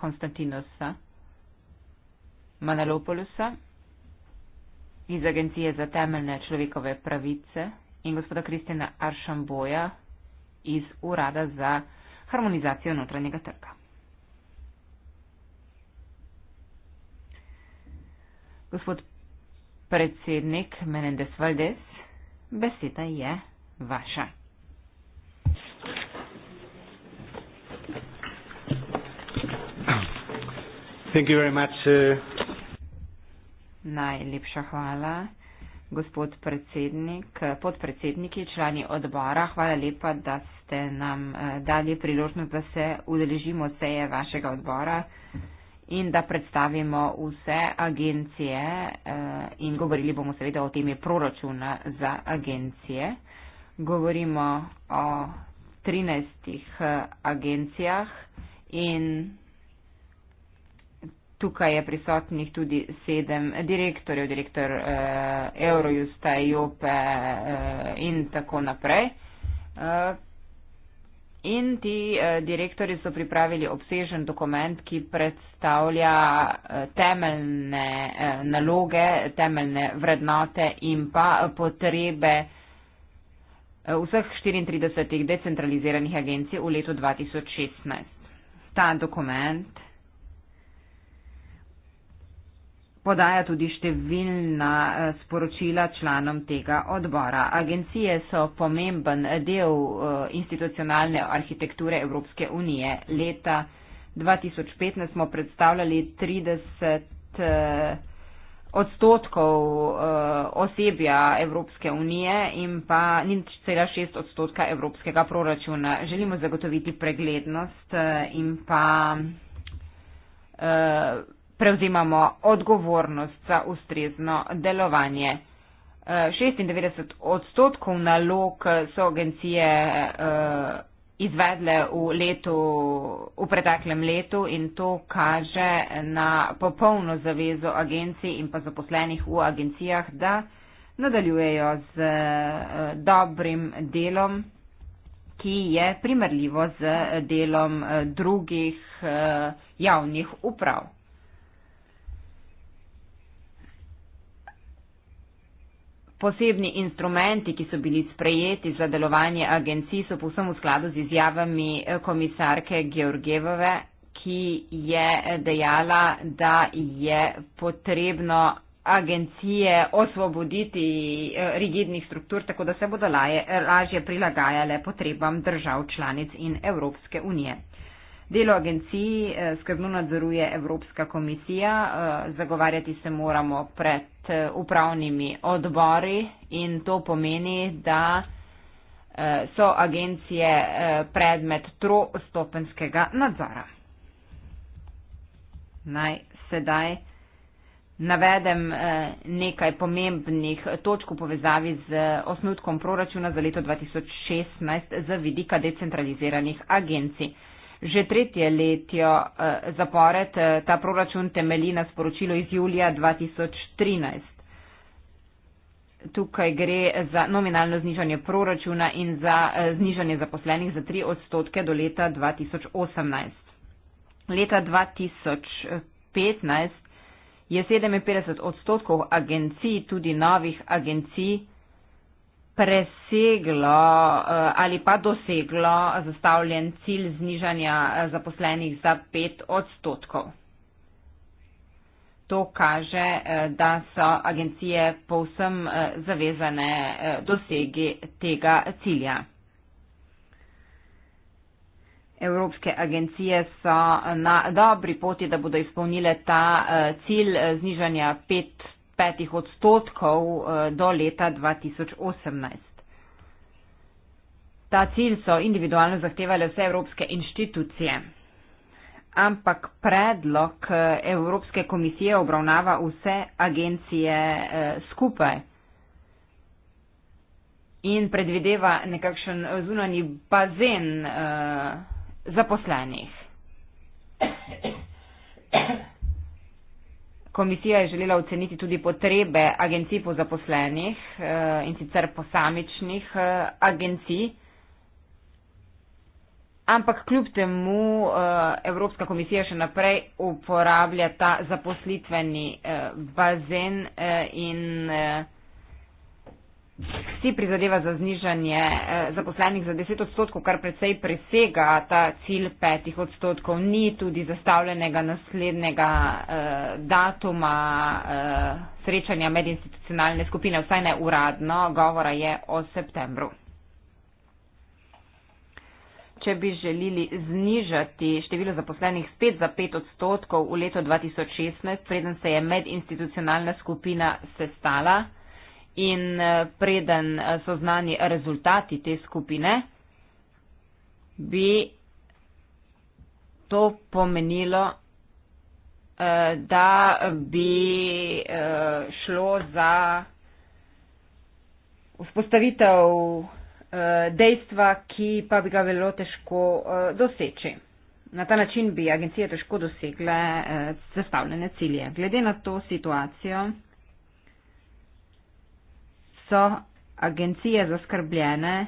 Konstantinosa, Manalopolusa, iz Agencije za temeljne človekove pravice in gospoda Kristjana Aršamboja iz Urada za harmonizacijo notranjega trga. Gospod predsednik Menendez Valdez, beseda je vaša. Thank you very much. Uh, Najlepša hvala, gospod predsednik, podpredsedniki, člani odbora. Hvala lepa, da ste nam eh, dali priložnost, da se udeležimo seje vašega odbora in da predstavimo vse agencije eh, in govorili bomo seveda o temi proračuna za agencije. Govorimo o 13 eh, agencijah in Tukaj je prisotnih tudi sedem direktorjev, direktor uh, Eurojusta, Jope uh, in tako naprej. Uh, in ti uh, direktori so pripravili obsežen dokument, ki predstavlja uh, temeljne uh, naloge, temeljne vrednote in pa potrebe vseh 34 decentraliziranih agencij v letu 2016. Ta dokument podaja tudi številna eh, sporočila članom tega odbora. Agencije so pomemben del eh, institucionalne arhitekture Evropske unije. Leta 2015 smo predstavljali 30 eh, odstotkov osebja Evropske unije in pa nič cela šest odstotka Evropskega proračuna. Želimo zagotoviti preglednost in pa prevzimamo odgovornost za ustrezno delovanje. 96 eh, odstotkov nalog eh, so agencije eh, izvedle v, letu, v preteklem letu in to kaže na popolno zavezo agencij in pa zaposlenih v agencijah, da nadaljujejo z dobrim delom, ki je primerljivo z delom drugih javnih uprav. Posebni instrumenti, ki so bili sprejeti za delovanje agencij, so povsem v skladu z izjavami eh, komisarke Georgijeve, ki je eh, dejala, da je potrebno agencije osvoboditi eh, rigidnih struktur, tako da se bodo lažje prilagajale potrebam držav članic in Evropske unije. Delo agencij eh, skrbno nadzoruje Evropska komisija, eh, zagovarjati se moramo pred eh, upravnimi odbori in to pomeni, da so agencije predmet trostopenskega nadzora. Naj sedaj. Navedem nekaj pomembnih točk v povezavi z osnutkom proračuna za leto 2016 z vidika decentraliziranih agencij. Že tretje letjo eh, zapored eh, ta proračun temelji na sporočilu iz julija 2013. Tukaj gre za nominalno znižanje proračuna in za eh, znižanje zaposlenih za 3 odstotke do leta 2018. Leta 2015 je 57 odstotkov agencij, tudi novih agencij, preseglo eh, ali pa doseglo zastavljen cilj znižanja eh, zaposlenih za 5 odstotkov. To kaže, eh, da so agencije povsem zavezane dosegi tega cilja. Evropske agencije so na dobri poti, da bodo izpolnile ta cilj znižanja 5 odstotkov 5 odstotkov eh, do leta 2018. Ta cilj so individualno zahtevali vse evropske inštitucije. Ampak predlog eh, Evropske komisije obravnava vse agencije eh, skupaj in predvideva nekakšen zunani bazen zaposlenih. Komisija je želela oceniti tudi potrebe agencij po zaposlenih eh, in sicer posamičnih eh, agencij. Ampak kljub temu eh, Evropska komisija še naprej uporablja ta zaposlitveni bazen in si prizadeva za znižanje eh, zaposlenih za 10 odstotkov, kar predvsej presega ta cilj 5 odstotkov. Ni tudi zastavljenega naslednjega eh, datuma eh, srečanja medinstitucionalne skupine, vsaj ne uradno, govora je o septembru. Če bi želeli znižati število zaposlenih spet za 5 odstotkov v leto 2016, preden se je medinstitucionalna skupina sestala, in eh, preden eh, so znani rezultati te skupine, bi to pomenilo, eh, da bi šlo za vzpostavitev dejstva, ki pa bi ga bilo težko doseči. Na ta način bi agencije težko dosegle zastavljene cilje. Glede na to situacijo, so agencije zaskrbljene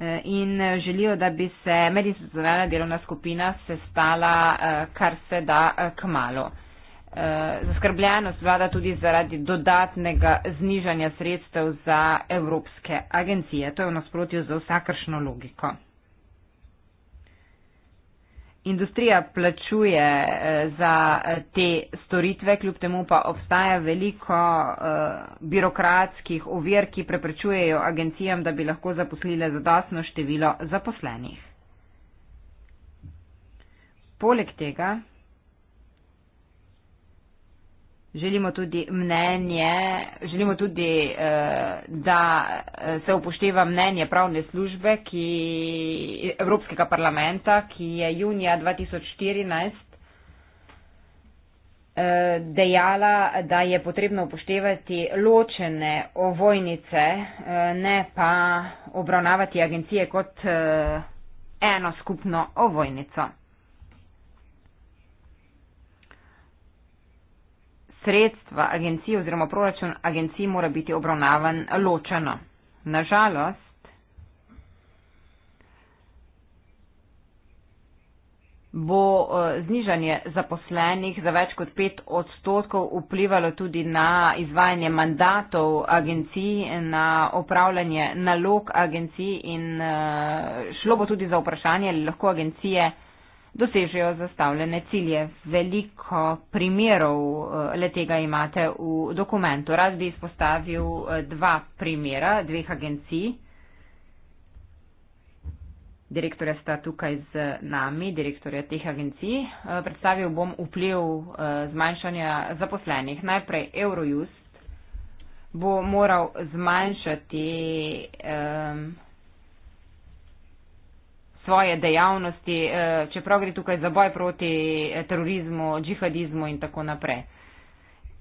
eh, in eh, želijo, da bi se medinstitucionalna delovna skupina sestala eh, kar se da k malu. Zaskrbljenost vlada tudi zaradi dodatnega znižanja sredstev za evropske agencije. To je v nasprotju z vsakršno logiko industrija plačuje eh, za eh, te storitve, kljub temu pa obstaja veliko eh, birokratskih ovir, ki preprečujejo agencijam, da bi lahko zaposlile zadostno število zaposlenih. Poleg tega želimo tudi mnenje, želimo tudi, eh, da eh, se upošteva mnenje pravne službe ki, Evropskega parlamenta, ki je junija 2014 eh, dejala, da je potrebno upoštevati ločene ovojnice, ne pa obravnavati agencije kot eno skupno ovojnico. sredstva agencij oziroma proračun agencij mora biti obravnavan ločeno. Nažalost. bo eh, znižanje zaposlenih za več kot pet odstotkov vplivalo tudi na izvajanje mandatov agencij, na opravljanje nalog agencij in eh, šlo bo tudi za vprašanje, ali lahko agencije dosežejo zastavljene cilje. Veliko primerov eh, le tega imate v dokumentu. Rad bi izpostavil eh, dva primera dveh agencij. Direktorja sta tukaj z nami, direktorja teh agencij. Eh, predstavil bom vpliv zmanjšanja zaposlenih. Najprej Eurojust bo moral zmanjšati. Um, svoje dejavnosti, eh, čeprav gre tukaj za boj proti eh, terorizmu, džihadizmu in tako naprej.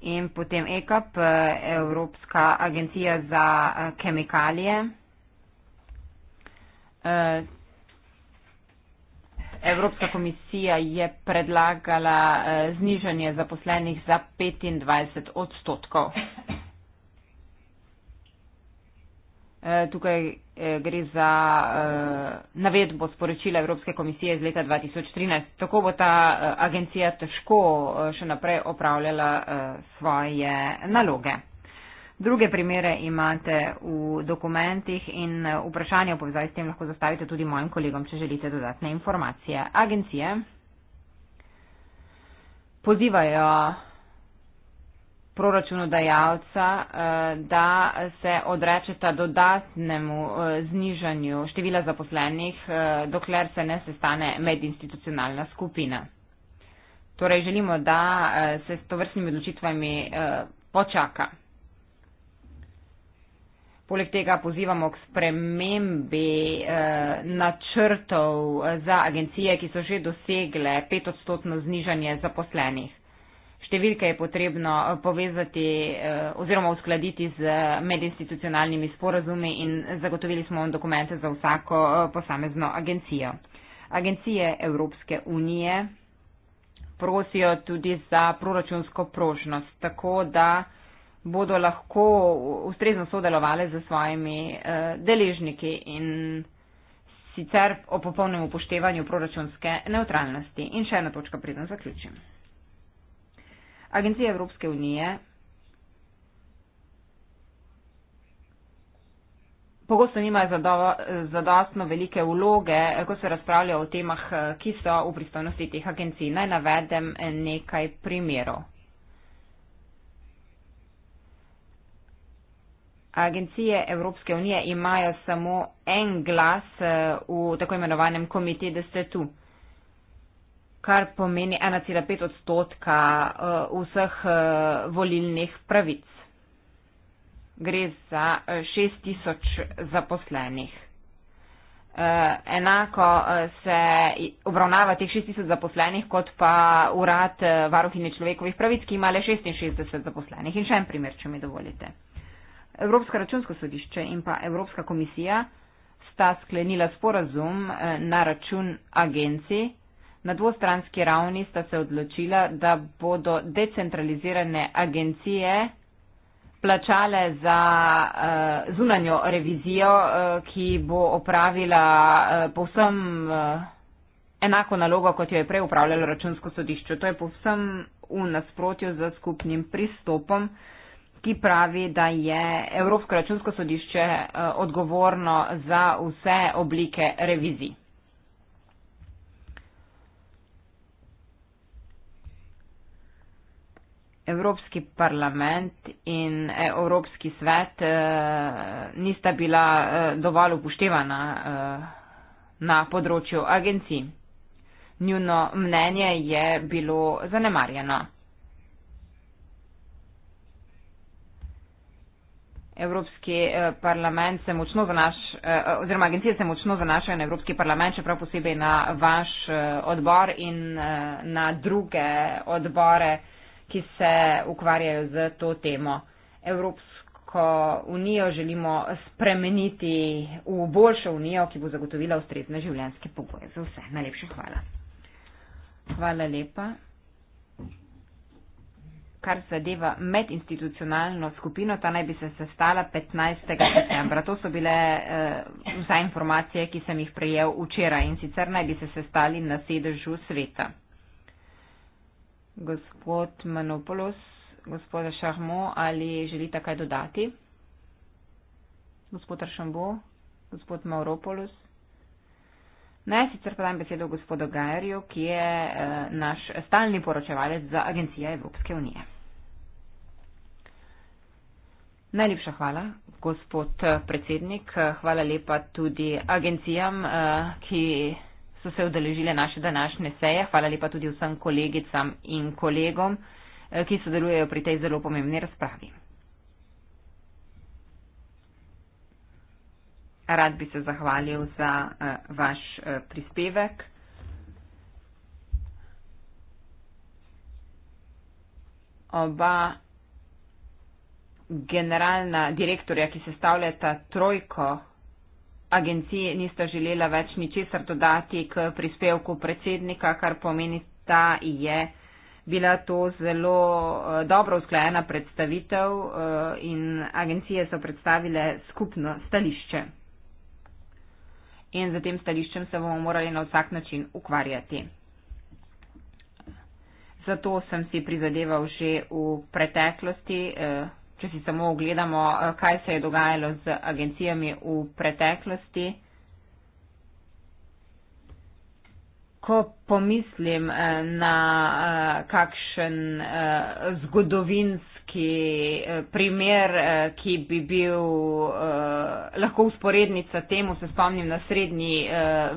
In potem EKAP, eh, Evropska agencija za kemikalije. Evropska komisija je predlagala znižanje zaposlenih za 25 odstotkov. Eh, tukaj eh, gre za eh, navedbo sporočila Evropske komisije iz leta 2013. Tako bo ta agencija težko še naprej opravljala svoje naloge. Druge primere imate v dokumentih in vprašanje v povezavi s tem lahko zastavite tudi mojim kolegom, če želite dodatne informacije. Agencije pozivajo proračunodajalca, eh, da se odrečeta dodatnemu eh, znižanju števila zaposlenih, eh, dokler se ne sestane medinstitucionalna skupina. Torej želimo, da se s tovrstnimi odločitvami počaka. Poleg tega pozivamo k spremembi načrtov za agencije, ki so že dosegle petodstotno znižanje zaposlenih številke je potrebno eh, povezati eh, oziroma uskladiti z eh, medinstitucionalnimi sporazumi in zagotovili smo vam dokumente za vsako posamezno agencijo. Agencije Evropske unije prosijo tudi za proračunsko prožnost, tako da bodo lahko ustrezno sodelovali z svojimi deležniki in sicer o popolnem upoštevanju proračunske neutralnosti. In še ena točka, preden zaključim. Agencije Evropske unije pogosto nimajo zadostno velike vloge, ko se razpravlja o temah, ki so v pristojnosti teh agencij. Naj navedem nekaj primerov. Agencije Evropske unije imajo samo en glas eh, v tako imenovanem komiteju, da ste tu kar pomeni 1,5 odstotka eh, vseh eh, volilnih pravic. Gre za 6 eh, tisoč zaposlenih. Enako se obravnava teh 6 tisoč zaposlenih kot pa urad varuhine človekovih pravic, ki ima le 66 zaposlenih. In še en primer, če mi dovolite. Evropska računsko sodišče in pa Evropska komisija sta sklenila sporazum na račun agenciji, Na dvostranski ravni sta se odločila, da bodo decentralizirane agencije plačale za uh, zunanjo revizijo, uh, ki bo opravila uh, povsem uh, enako nalogo, kot jo je prej upravljalo računsko sodišče. To je povsem v nasprotju z skupnim pristopom, ki pravi, da je Evropsko računsko sodišče uh, odgovorno za vse oblike revizij. Evropski parlament in e, Evropski svet eh, nista bila eh, dovolj upoštevana eh, na področju agencij. Njuno mnenje je bilo zanemarjeno. Evropski e, parlament se močno zanaš, e, oziroma agencije se močno zanašajo na Evropski parlament, še prav posebej na vaš odbor in na druge odbore, ki se ukvarjajo z to temo. Evropsko unijo želimo spremeniti v boljšo unijo, ki bo zagotovila ustrezne življenjske pogoje za vse. Najlepša hvala. Hvala lepa. Kar zadeva medinstitucionalno skupino, ta naj bi se sestala 15. septembra. To so bile eh, vsa informacije, ki sem jih prejel včeraj in sicer naj bi se sestali na sedežu sveta gospod Manopolos, gospoda Šahmo, ali želite kaj dodati? Gospod Aršambo, gospod Mauropolos. Naj sicer pa dam besedo gospodu Gajerju, ki je eh, naš stalni poročevalec za Agencijo Evropske unije. Najlepša hvala, gospod eh, predsednik. Hvala lepa tudi agencijam, eh, ki so se odeležile naše današnje seje. Hvala lepa tudi vsem kolegicam in kolegom, eh, ki sodelujejo pri tej zelo pomembni razpravi. Rad bi se zahvalil za eh, vaš eh, prispevek. Oba generalna direktorja, ki sestavljata trojko agenciji nista želela več ničesar dodati k prispevku predsednika, kar pomeni, da je bila to zelo eh, dobro usklajena predstavitev eh, in agencije so predstavile skupno stališče. In za tem stališčem se bomo morali na vsak način ukvarjati. Zato sem si prizadeval že v preteklosti, eh, če si samo ogledamo, eh, kaj se je dogajalo z agencijami v preteklosti. Ko pomislim eh, na eh, kakšen zgodovinski primer, ki bi bil lahko usporednica temu, se spomnim na srednji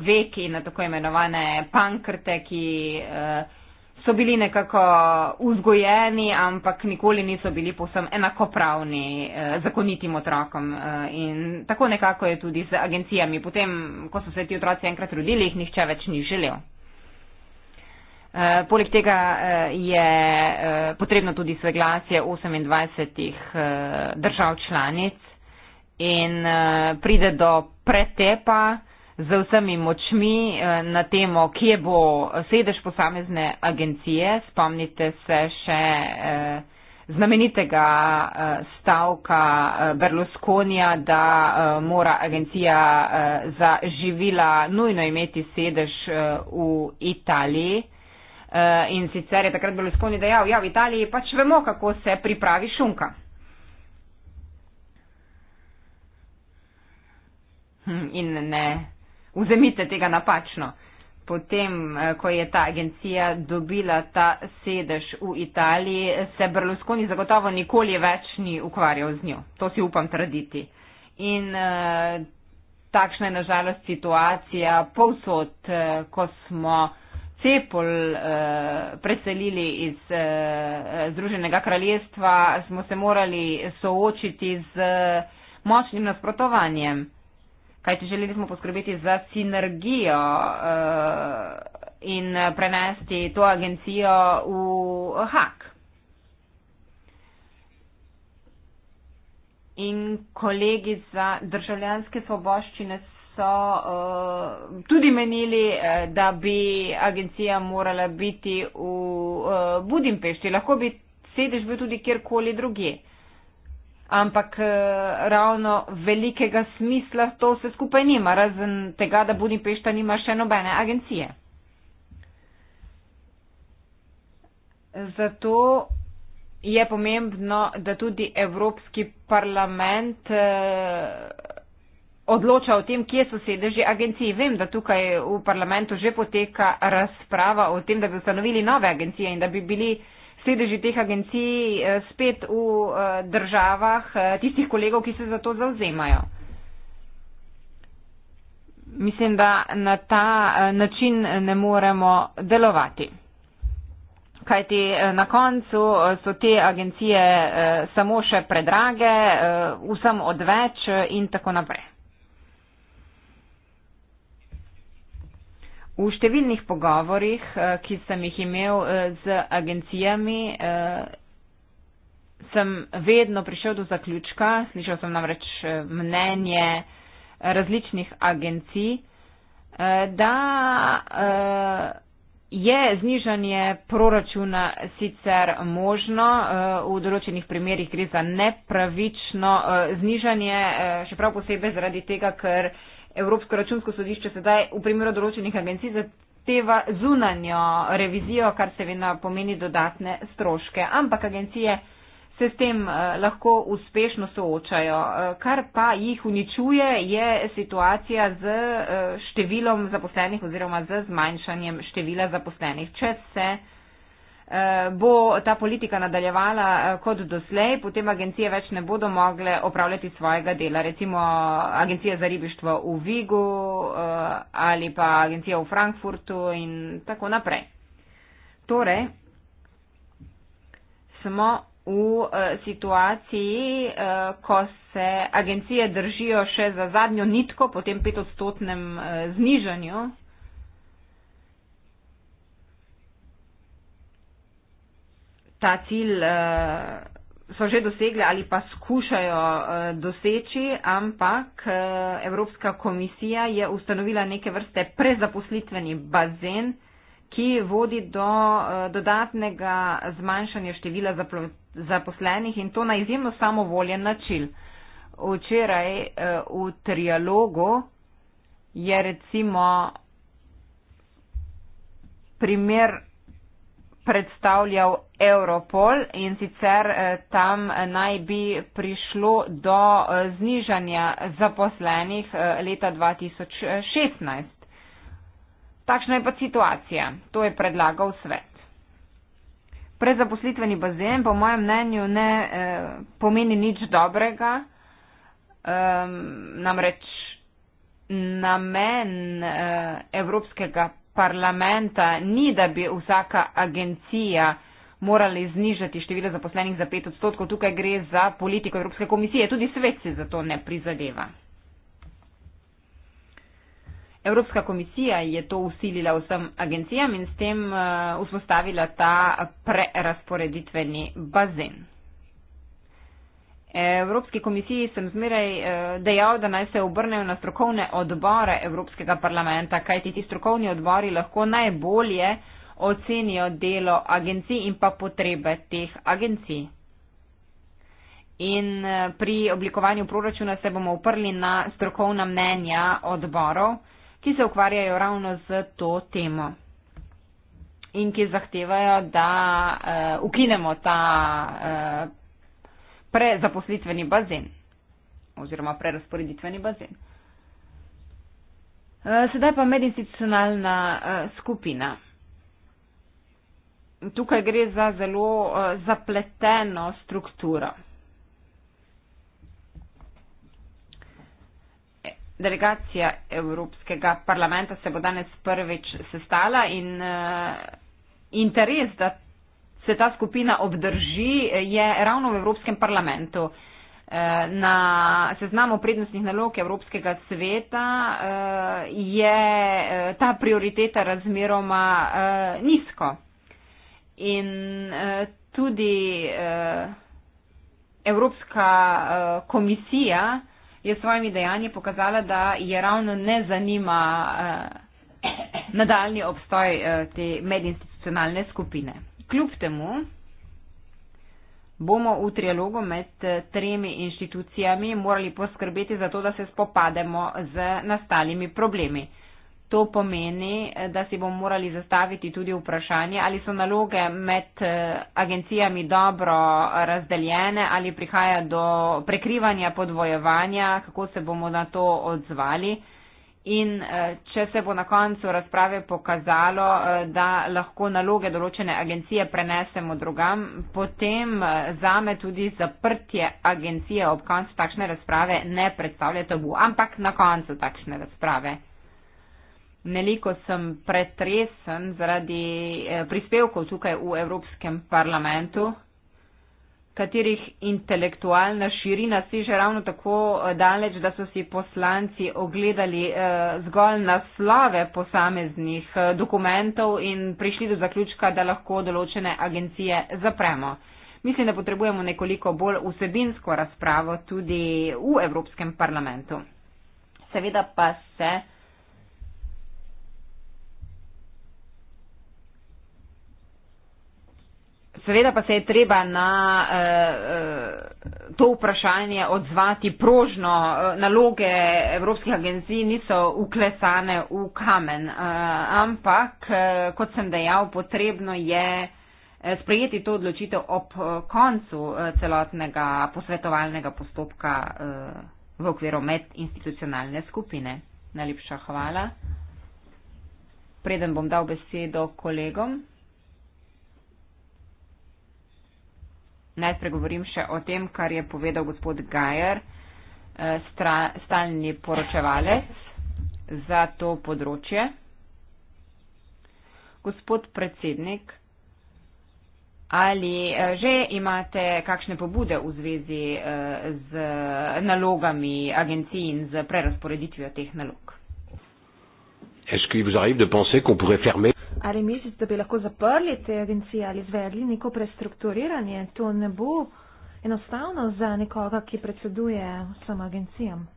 veki in na tako imenovane pankrte, ki so bili nekako vzgojeni, ampak nikoli niso bili povsem enakopravni eh, zakonitim otrokom. Eh, in tako nekako je tudi z agencijami. Potem, ko so se ti otroci enkrat rodili, jih nihče več ni želel. Eh, poleg tega eh, je eh, potrebno tudi soglasje 28 eh, držav članic in eh, pride do pretepa z vsemi močmi eh, na temo, kje bo sedež posamezne agencije. Spomnite se še eh, znamenitega eh, stavka Berlusconija, da mora agencija za živila nujno imeti sedež v Italiji. In sicer je takrat Berlusconi dejal, ja, v Italiji pač vemo, kako se pripravi šunka. Hm, in ne, vzemite tega napačno. Potem, eh, ko je ta agencija dobila ta sedež v Italiji, se Berlusconi zagotovo nikoli več ni ukvarjal z njo. To si upam trditi. In eh, takšna je nažalost situacija povsod, eh, ko smo cepol eh, preselili iz eh, Združenega kraljestva, smo se morali soočiti z eh, močnim nasprotovanjem kajti želeli smo poskrbeti za sinergijo uh, in prenesti to agencijo v HAK. In kolegi za državljanske svoboščine so uh, tudi menili, uh, da bi agencija morala biti v uh, Budimpešti. Lahko bi sedež bil tudi kjerkoli drugje. Uh, ampak eh, ravno velikega smisla to vse skupaj nima, razen tega, da Budimpešta nima še nobene agencije. Zato je pomembno, da tudi Evropski parlament eh, odloča o tem, kje so sedeži agencije. Vem, da tukaj v parlamentu že poteka razprava o tem, da bi ustanovili nove agencije in da bi bili uh, sedeži teh agencij eh, spet v eh, državah eh, tistih kolegov, ki se za to zauzemajo. Mislim, da na ta način ne moremo delovati. Kajti na koncu so te agencije samo še predrage, vsem odveč in tako naprej. V številnih pogovorih, eh, ki sem jih imel eh, z agencijami, eh, sem vedno prišel do zaključka, slišal sem namreč mnenje različnih agencij, da je znižanje proračuna sicer možno, v določenih primerjih gre za nepravično znižanje, še prav posebej zaradi tega, ker Evropsko računsko sodišče sedaj v primeru določenih agencij zahteva zunanjo revizijo, kar seveda pomeni dodatne stroške. Ampak agencije se s tem eh, lahko uspešno soočajo. Eh, kar pa jih uničuje, je situacija z eh, številom zaposlenih oziroma z zmanjšanjem števila zaposlenih. Če se Eh, bo ta politika nadaljevala eh, kot doslej, potem agencije več ne bodo mogle opravljati svojega dela. Recimo agencija za ribištvo v Vigu eh, ali pa agencija v Frankfurtu in tako naprej. Torej, smo v situaciji, ko se agencije držijo še za zadnjo nitko po tem petodstotnem znižanju ta cilj eh, so že dosegli ali pa skušajo eh, doseči, ampak eh, Evropska komisija je ustanovila neke vrste prezaposlitveni bazen, ki vodi do dodatnega zmanjšanja števila zaposlenih in to na izjemno samovoljen način. Včeraj v trialogu je recimo primer predstavljal Europol in sicer eh, tam eh, naj bi prišlo do eh, znižanja zaposlenih leta 2016. Takšna je pa situacija, to je predlagal svet. Prezaposlitveni bazen po mojem mnenju ne pomeni nič dobrega, ehm, namreč namen evropskega parlamenta ni, da bi vsaka agencija morali znižati število zaposlenih za pet odstotkov. Tukaj gre za politiko Evropske komisije. Tudi svet se za to ne prizadeva. Evropska komisija je to usilila vsem agencijam in s tem uh, vzpostavila ta prerasporeditveni bazen. Evropski komisiji sem zmeraj eh, dejal, da naj se obrnejo na strokovne odbore Evropskega parlamenta, kajti ti strokovni odbori lahko najbolje ocenijo delo agencij in pa potrebe teh agencij. In eh, pri oblikovanju proračuna se bomo uprli na strokovna mnenja odborov, ki se ukvarjajo ravno z to temo in ki zahtevajo, da uh, ukinemo ta uh, prezaposlitveni bazen oziroma prerasporeditveni bazen. E, sedaj pa medinstitucionalna e, skupina. Tukaj gre za zelo e, zapleteno strukturo. Delegacija Evropskega parlamenta se bo danes prvič sestala in interes, da se ta skupina obdrži, je ravno v Evropskem parlamentu. Eh, na seznamu prednostnih nalog Evropskega sveta eh, je eh, ta prioriteta razmeroma nizko. In tudi Evropska komisija je svojimi dejanji pokazala, da je ravno ne zanima nadaljni obstoj te medinstitucionalne skupine. Kljub temu bomo v trialogu med eh, tremi inštitucijami morali poskrbeti za to, da se spopademo z nastalimi problemi. To pomeni, eh, da si bomo morali zastaviti tudi vprašanje, ali so naloge med eh, agencijami dobro razdeljene, ali prihaja do prekrivanja, podvojevanja, kako se bomo na to odzvali. In eh, če se bo na koncu razprave pokazalo, eh, da lahko naloge določene agencije prenesemo drugam, potem eh, zame tudi zaprtje agencije ob koncu takšne razprave ne predstavlja tabu, ampak na koncu takšne razprave. Neliko sem pretresen zaradi prispevkov tukaj v Evropskem parlamentu, katerih intelektualna širina seže ravno tako eh, daleč, da so si poslanci ogledali eh, zgolj naslove posameznih eh, dokumentov in prišli do zaključka, da lahko določene agencije zapremo. Mislim, da potrebujemo nekoliko bolj vsebinsko razpravo tudi v Evropskem parlamentu. Seveda pa se. Seveda pa se je treba na eh, eh, to vprašanje odzvati prožno. Naloge Evropskih agencij niso uklesane v kamen, eh, ampak, kot sem dejal, potrebno je sprejeti to odločitev ob koncu celotnega posvetovalnega postopka v okviru medinstitucionalne skupine. Najlepša hvala. Preden bom dal besedo kolegom. naj spregovorim še o tem, kar je povedal gospod Gajer, eh, stalni poročevalec za to področje. Gospod predsednik, ali eh, že imate kakšne pobude v zvezi eh, z nalogami agencij in z prerasporeditvijo teh nalog? Est-ce qu'il vous arrive de penser qu'on pourrait fermer Ali mislite, da bi lahko zaprli te agencije ali izvedli neko prestrukturiranje? To ne bo enostavno za nekoga, ki predseduje vsem agencijam.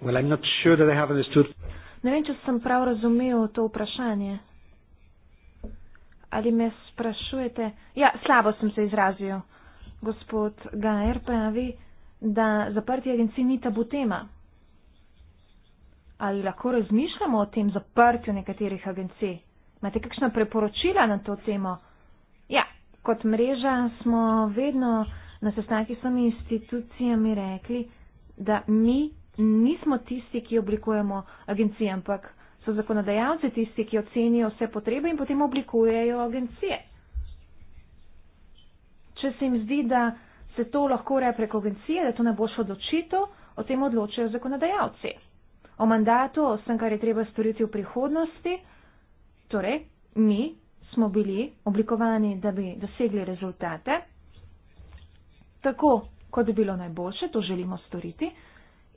Well, I'm not sure that I have understood. Ne vem, če sem prav razumel to vprašanje. Ali me sprašujete? Ja, slabo sem se izrazil. Gospod Gajer pravi, da zaprti agenciji ni tabu tema. Ali lahko razmišljamo o tem zaprtju nekaterih agencij? Imate kakšna preporočila na to temo? Ja, kot mreža smo vedno na sestanki s temi institucijami rekli, da mi nismo tisti, ki oblikujemo agencije, ampak so zakonodajalci tisti, ki ocenijo vse potrebe in potem oblikujejo agencije. Če se jim zdi, da se to lahko ureja preko agencije, da to ne bo šlo odločitev, o tem odločajo zakonodajalci. O mandatu, o vsem, kar je treba storiti v prihodnosti, torej mi smo bili oblikovani, da bi dosegli rezultate, tako kot je bilo najboljše, to želimo storiti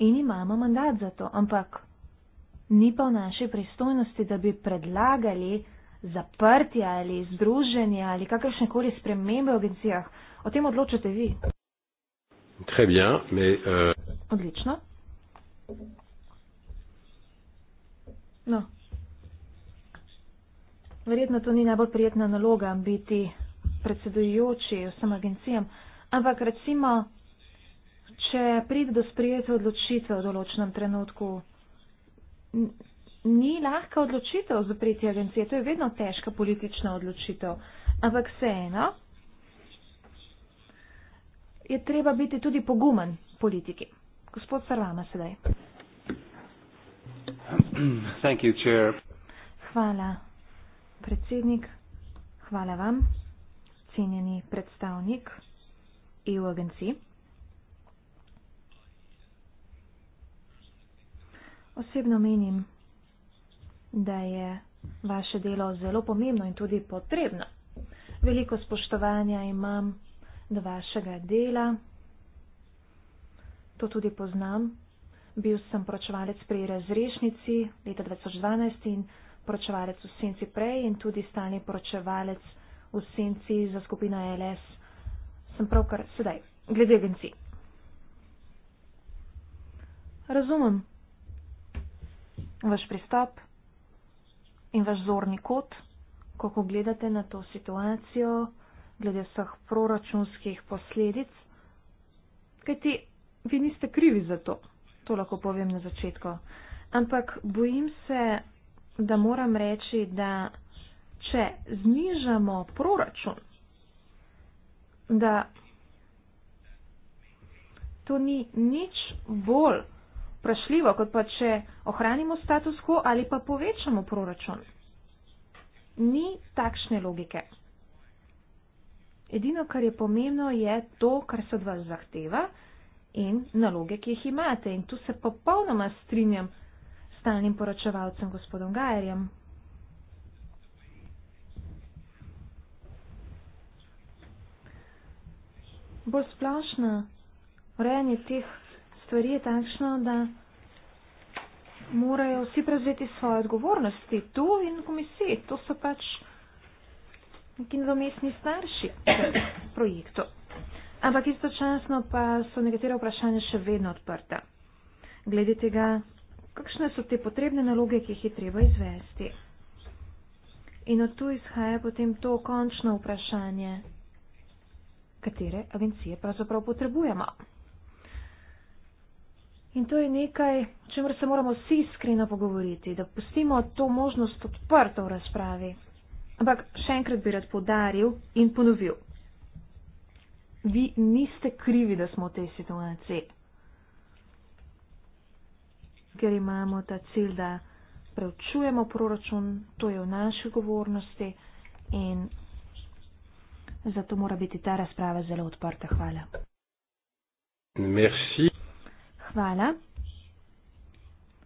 in imamo mandat za to, ampak ni pa v naši pristojnosti, da bi predlagali zaprtje ali združenje ali kakršnekoli spremembe v agencijah. O tem odločate vi. Très bien, mais, euh... Odlično. No. Verjetno to ni najbolj prijetna naloga biti predsedujoči vsem agencijam, ampak recimo, če pride do sprijete odločitve v določenem trenutku, ni lahka odločitev zapreti agencije, to je vedno težka politična odločitev, ampak vseeno je treba biti tudi pogumen politiki. Gospod Sarvama sedaj. Thank you, chair. Hvala, predsednik. Hvala vam, cenjeni predstavnik EU agencij. Osebno menim, da je vaše delo zelo pomembno in tudi potrebno. Veliko spoštovanja imam do vašega dela. To tudi poznam. Bil sem pročevalec pri razrešnici leta 2012 in pročevalec v senci prej in tudi stalni pročevalec v senci za skupino LS. Sem pravkar sedaj, glede agenci. Razumem vaš pristop in vaš zorni kot, kako gledate na to situacijo glede vseh proračunskih posledic, kajti vi niste krivi za to, to lahko povem na začetku. Ampak bojim se, da moram reči, da če znižamo proračun, da to ni nič bolj prašljivo, kot pa če ohranimo status quo ali pa povečamo proračun. Ni takšne logike. Edino, kar je pomembno, je to, kar se od vas zahteva in naloge, ki jih imate. In tu se popolnoma strinjam s stalnim poročevalcem, gospodom Gajerjem. Bolj splošno urejanje teh stvari je takšno, da morajo vsi prevzeti svoje odgovornosti tu in komisiji. To so pač neki nadomestni starši projektu. Ampak istočasno pa so nekatera vprašanja še vedno odprta. Glede tega, kakšne so te potrebne naloge, ki jih je treba izvesti. In od tu izhaja potem to končno vprašanje, katere agencije pravzaprav potrebujemo. In to je nekaj, o čemer se moramo vsi iskreno pogovoriti, da pustimo to možnost odprto v razpravi, Ampak še enkrat bi rad podaril in ponovil. Vi niste krivi, da smo v tej situaciji, ker imamo ta cilj, da preučujemo proračun, to je v naši govornosti in zato mora biti ta razprava zelo odprta. Hvala. Merci. Hvala.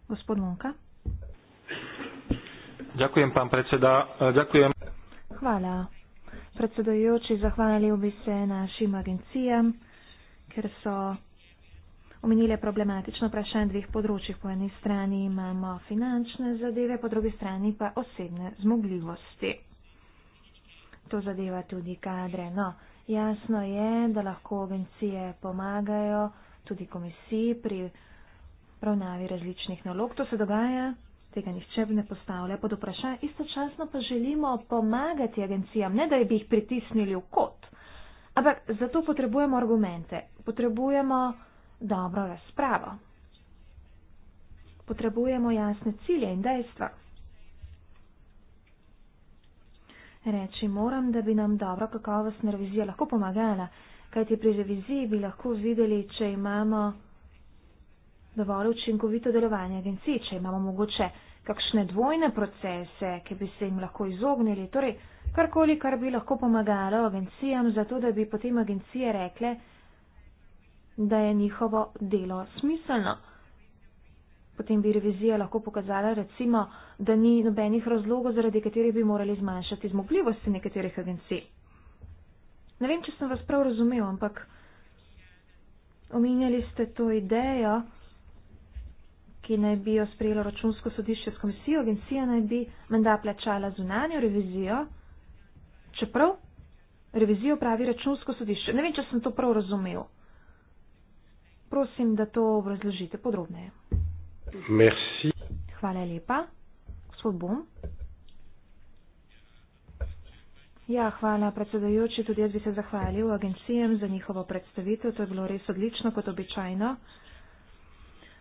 Gospod Monka. Ďakujem, pán predseda. Ďakujem. Hvala. Predsedojoči, zahvalil bi se našim agencijam, ker so omenile problematično vprašanje dveh področji. Po eni strani imamo finančne zadeve, po drugi strani pa osebne zmogljivosti. To zadeva tudi kadre. No, jasno je, da lahko agencije pomagajo tudi komisiji pri ravnavi različnih nalog. To se dogaja tega nihče ne postavlja pod vprašaj, istočasno pa želimo pomagati agencijam, ne da bi jih pritisnili v kot. Ampak zato potrebujemo argumente, potrebujemo dobro razpravo, potrebujemo jasne cilje in dejstva. Reči moram, da bi nam dobro kakovostna revizija lahko pomagala, kajti pri reviziji bi lahko videli, če imamo dovolj učinkovito delovanje agencij, če imamo mogoče kakšne dvojne procese, ki bi se jim lahko izognili, torej karkoli, kar bi lahko pomagalo agencijam, zato da bi potem agencije rekle, da je njihovo delo smiselno. Potem bi revizija lahko pokazala, recimo, da ni nobenih razlogov, zaradi katerih bi morali zmanjšati zmogljivosti nekaterih agencij. Ne vem, če sem vas prav razumel, ampak omenjali ste to idejo ki naj bi jo sprejelo računsko sodišče s komisijo, agencija naj bi menda plačala zunanjo revizijo, čeprav revizijo pravi računsko sodišče. Ne vem, če sem to prav razumel. Prosim, da to obrazložite podrobneje. Merci. Hvala lepa. Gospod Bom. Ja, hvala predsedajoči. Tudi jaz bi se zahvalil agencijem za njihovo predstavitev. To je bilo res odlično, kot običajno.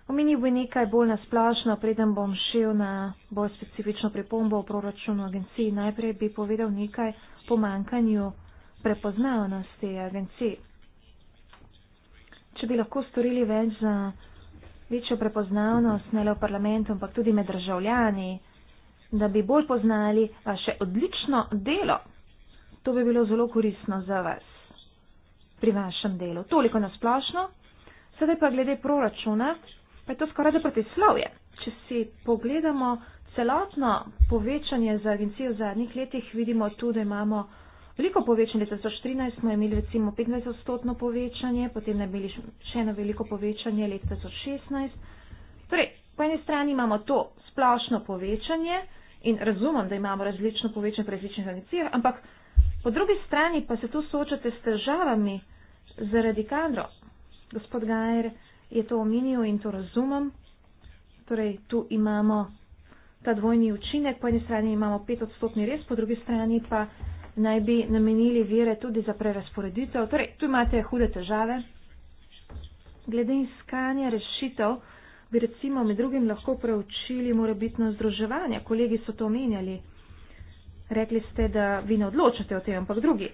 Omenil bi nekaj bolj nasplašno, preden bom šel na bolj specifično pripombo v proračunu agenciji. Najprej bi povedal nekaj pomankanju prepoznavnosti agencij. Če bi lahko storili več za večjo prepoznavnost, ne le v parlamentu, ampak tudi med državljani, da bi bolj poznali vaše odlično delo, to bi bilo zelo koristno za vas pri vašem delu. Toliko nasplašno. Sedaj pa glede proračuna pa je to skoraj za protislovje. Če si pogledamo celotno povečanje za agencijo v zadnjih letih, vidimo tudi, da imamo veliko povečanje. Leta 2014 smo imeli recimo 15-stotno povečanje, potem je bilo še eno veliko povečanje leta 2016. Torej, po eni strani imamo to splošno povečanje in razumem, da imamo različno povečanje pri različnih agencijah, ampak po drugi strani pa se tu soočate s težavami zaradi kadrov. Gospod Gajer, je to omenil in to razumem. Torej, tu imamo ta dvojni učinek. Po eni strani imamo pet odstotni res, po drugi strani pa naj bi namenili vire tudi za prerasporeditev. Torej, tu imate hude težave. Glede iskanja rešitev bi recimo med drugim lahko preučili morebitno združevanje. Kolegi so to omenjali. Rekli ste, da vi ne odločate o tem, ampak drugi.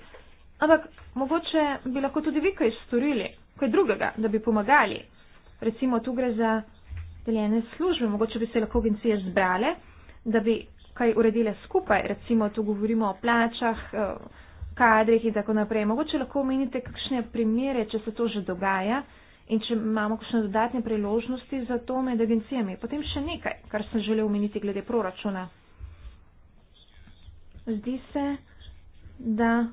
Ampak mogoče bi lahko tudi vi kaj storili, kaj drugega, da bi pomagali recimo tu gre za deljene službe, mogoče bi se lahko agencije zbrale, da bi kaj uredile skupaj, recimo tu govorimo o plačah, eh, kadrih in tako naprej. Mogoče lahko omenite kakšne primere, če se to že dogaja in če imamo kakšne dodatne priložnosti za to med agencijami. Potem še nekaj, kar sem želel omeniti glede proračuna. Zdi se, da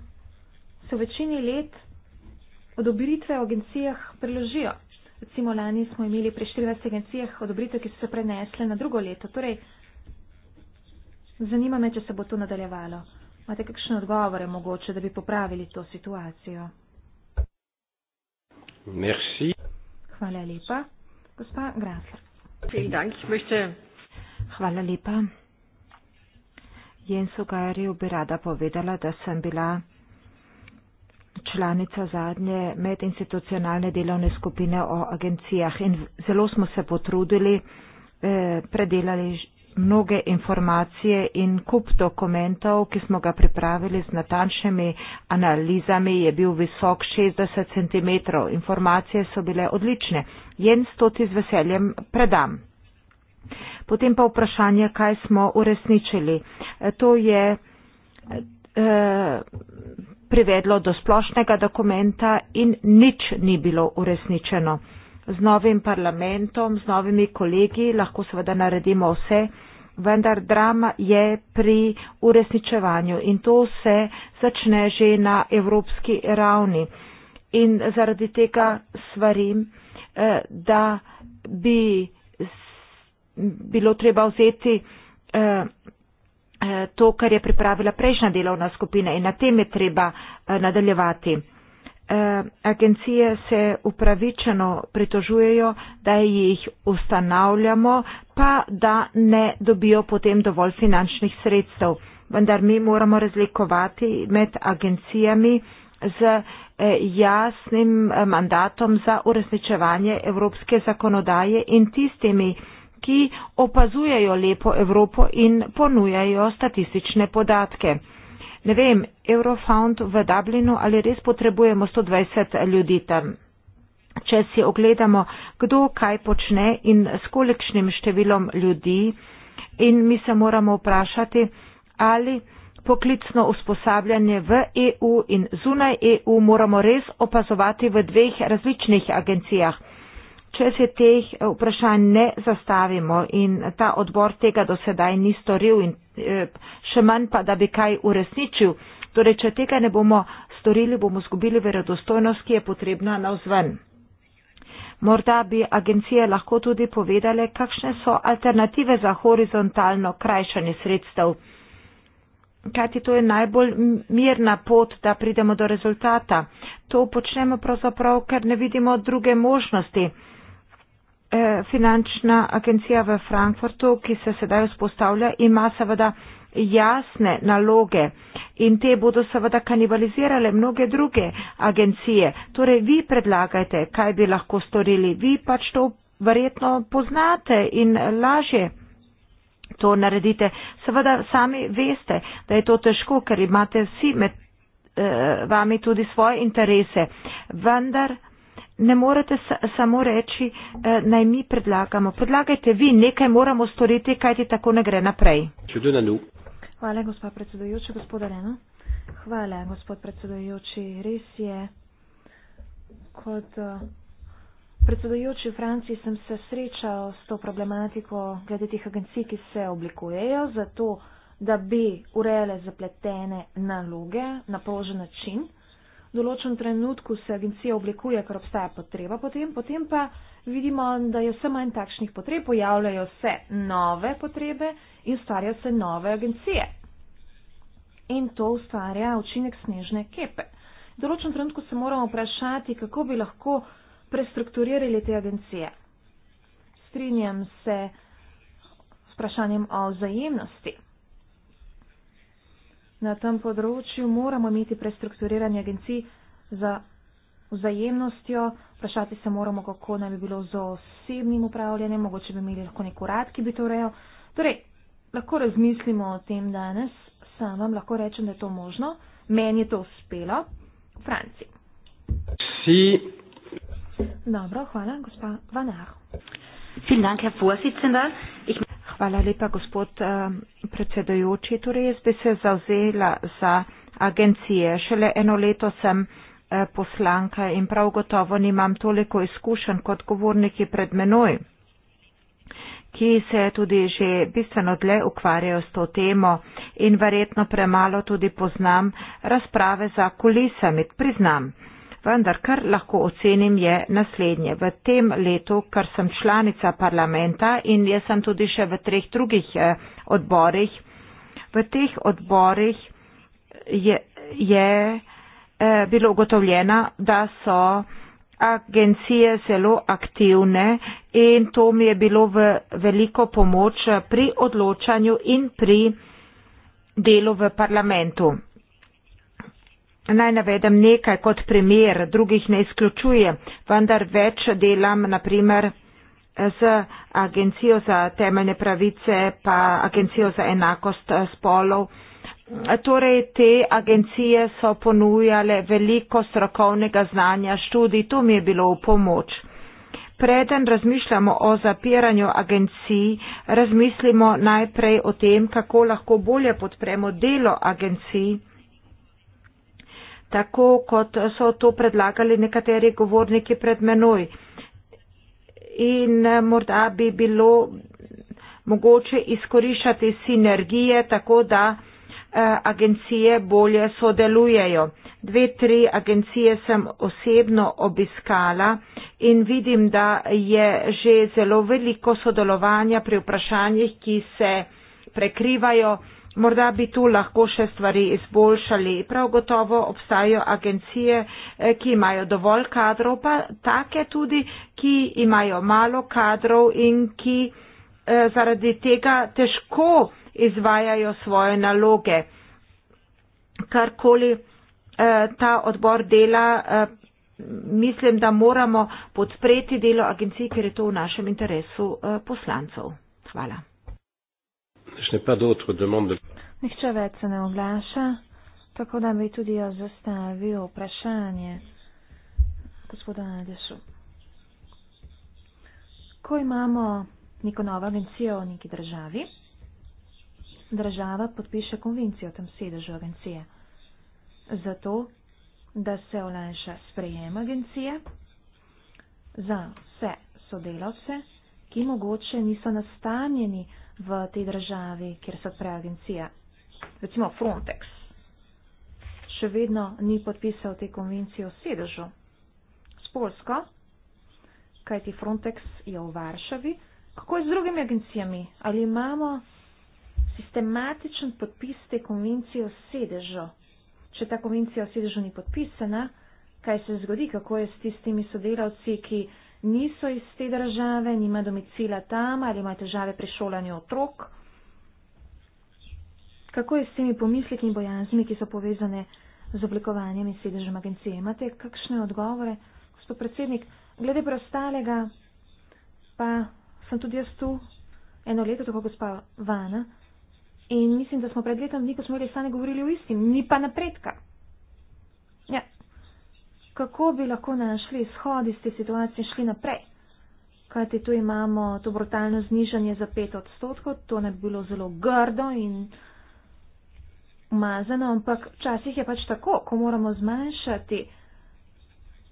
se v večini let odobritve v agencijah preložijo recimo lani smo imeli pri 24 agencijah odobritev, ki so se prenesle na drugo leto. Torej, zanima me, če se bo to nadaljevalo. Imate kakšne odgovore mogoče, da bi popravili to situacijo? Merci. Hvala lepa. Gospa Grasler. Hvala lepa. Jensu Gajerju bi rada povedala, da sem bila članica zadnje medinstitucionalne delovne skupine o agencijah in zelo smo se potrudili, eh, predelali mnoge informacije in kup dokumentov, ki smo ga pripravili z natančnimi analizami, je bil visok 60 cm. Informacije so bile odlične. Jen stoti z veseljem predam. Potem pa vprašanje, kaj smo uresničili. Eh, to je. Eh, privedlo do splošnega dokumenta in nič ni bilo uresničeno. Z novim parlamentom, z novimi kolegi lahko seveda naredimo vse, vendar drama je pri uresničevanju in to se začne že na evropski ravni. In zaradi tega svarim, eh, da bi bilo treba vzeti eh, Eh, to, kar je pripravila prejšnja delovna skupina in na tem je treba eh, nadaljevati. Eh, agencije se upravičeno pritožujejo, da jih ustanavljamo, pa da ne dobijo potem dovolj finančnih sredstev. Vendar mi moramo razlikovati med agencijami z jasnim mandatom za uresničevanje evropske zakonodaje in tistimi, ki opazujejo lepo Evropo in ponujajo statistične podatke. Ne vem, Eurofound v Dublinu ali res potrebujemo 120 ljudi tam. Če si ogledamo, kdo kaj počne in s kolikšnim številom ljudi in mi se moramo vprašati, ali poklicno usposabljanje v EU in zunaj EU moramo res opazovati v dveh različnih agencijah če se teh eh, vprašanj ne zastavimo in ta odbor tega do sedaj ni storil in eh, še manj pa, da bi kaj uresničil, torej če tega ne bomo storili, bomo zgubili verodostojnost, ki je potrebna na vzven. Morda bi agencije lahko tudi povedale, kakšne so alternative za horizontalno krajšanje sredstev. Kajti to je najbolj mirna pot, da pridemo do rezultata. To počnemo pravzaprav, ker ne vidimo druge možnosti. Eh, finančna agencija v Frankfurtu, ki se sedaj vzpostavlja, ima seveda jasne naloge in te bodo seveda kanibalizirale mnoge druge agencije. Torej, vi predlagajte, kaj bi lahko storili. Vi pač to verjetno poznate in lažje to naredite. Seveda sami veste, da je to težko, ker imate vsi med eh, vami tudi svoje interese. Vendar, ne morete sa, samo reči, eh, naj mi predlagamo. Predlagajte vi, nekaj moramo storiti, kajti tako ne gre naprej. Hvala, gospod predsedujoči, gospod Areno. Hvala, gospod predsedujoči. Res je, kot eh, predsedujoči v Franciji sem se srečal s to problematiko glede teh agencij, ki se oblikujejo za to, da bi urejale zapletene naloge na položen način v določen trenutku se agencija oblikuje, ker obstaja potreba, potem, potem pa vidimo, da je vse manj takšnih potreb, pojavljajo se nove potrebe in ustvarjajo se nove agencije. In to ustvarja učinek snežne kepe. V določen trenutku se moramo vprašati, kako bi lahko prestrukturirali te agencije. Strinjam se s vprašanjem o vzajemnosti. Na tem področju moramo imeti prestrukturiranje agencij za vzajemnostjo, vprašati se moramo, kako naj bi bilo z osebnim upravljanjem, mogoče bi imeli lahko nek urad, ki bi to urejal. Torej, lahko razmislimo o tem danes, sam vam lahko rečem, da je to možno. Meni je to uspelo. Franci. Si. Dobro, hvala, gospa Vanah. Vielen Dank, Herr Vorsitzender. Ich Hvala lepa, gospod eh, predsedujoči. Torej, jaz bi se zauzela za agencije. Šele eno leto sem eh, poslanka in prav gotovo nimam toliko izkušenj kot govorniki pred menoj, ki se tudi že bistveno dlje ukvarjajo s to temo in verjetno premalo tudi poznam razprave za kulisami. Priznam vendar kar lahko ocenim je naslednje. V tem letu, kar sem članica parlamenta in jaz sem tudi še v treh drugih eh, odborih, v teh odborih je, je eh, bilo ugotovljeno, da so agencije zelo aktivne in to mi je bilo v veliko pomoč pri odločanju in pri delu v parlamentu. Naj navedem nekaj kot primer, drugih ne izključuje, vendar več delam naprimer z Agencijo za temeljne pravice, pa Agencijo za enakost spolov. Torej, te agencije so ponujale veliko strokovnega znanja študij, to mi je bilo v pomoč. Preden razmišljamo o zapiranju agencij, razmislimo najprej o tem, kako lahko bolje podpremo delo agencij tako kot so to predlagali nekateri govorniki pred menoj. In eh, morda bi bilo mogoče izkoriščati sinergije, tako da eh, agencije bolje sodelujejo. Dve, tri agencije sem osebno obiskala in vidim, da je že zelo veliko sodelovanja pri vprašanjih, ki se prekrivajo. Morda bi tu lahko še stvari izboljšali. Prav gotovo obstajajo agencije, eh, ki imajo dovolj kadrov, pa take tudi, ki imajo malo kadrov in ki eh, zaradi tega težko izvajajo svoje naloge. Karkoli eh, ta odbor dela, mislim, da moramo podpreti delo agencij, ker je to v našem interesu poslancov. Hvala. Je n'ai pas d'autres demandes. Nihče več se ne oglaša, tako da bi tudi jaz zastavil vprašanje gospodu Nadešu. Ko imamo neko novo agencijo v neki državi, država podpiše konvencijo o tem sedežu agencije. Zato, da se olajša sprejem agencije za vse sodelavce, ki mogoče niso nastanjeni v tej državi, kjer se odpre agencija. Recimo Frontex. Še vedno ni podpisal te konvencije o sedežu. S Polsko, kajti Frontex je v Varšavi. Kako je z drugimi agencijami? Ali imamo sistematičen podpis te konvencije o sedežu? Če ta konvencija o sedežu ni podpisana, kaj se zgodi, kako je s tistimi sodelavci, ki niso iz te države, nima domicila tam ali ima težave pri šolanju otrok. Kako je s temi pomisliki in bojazni, ki so povezane z oblikovanjem in sedežem agencije? Imate kakšne odgovore, gospod predsednik? Glede preostalega, pa sem tudi jaz tu eno leto, tako gospa Vana, in mislim, da smo pred letom dni, ko smo imeli stane, govorili o istim, ni pa napredka. Ja, kako bi lahko našli izhod iz te situacije in šli naprej. Kajti tu imamo to brutalno znižanje za pet odstotkov, to ne bi bilo zelo grdo in umazano, ampak včasih je pač tako, ko moramo zmanjšati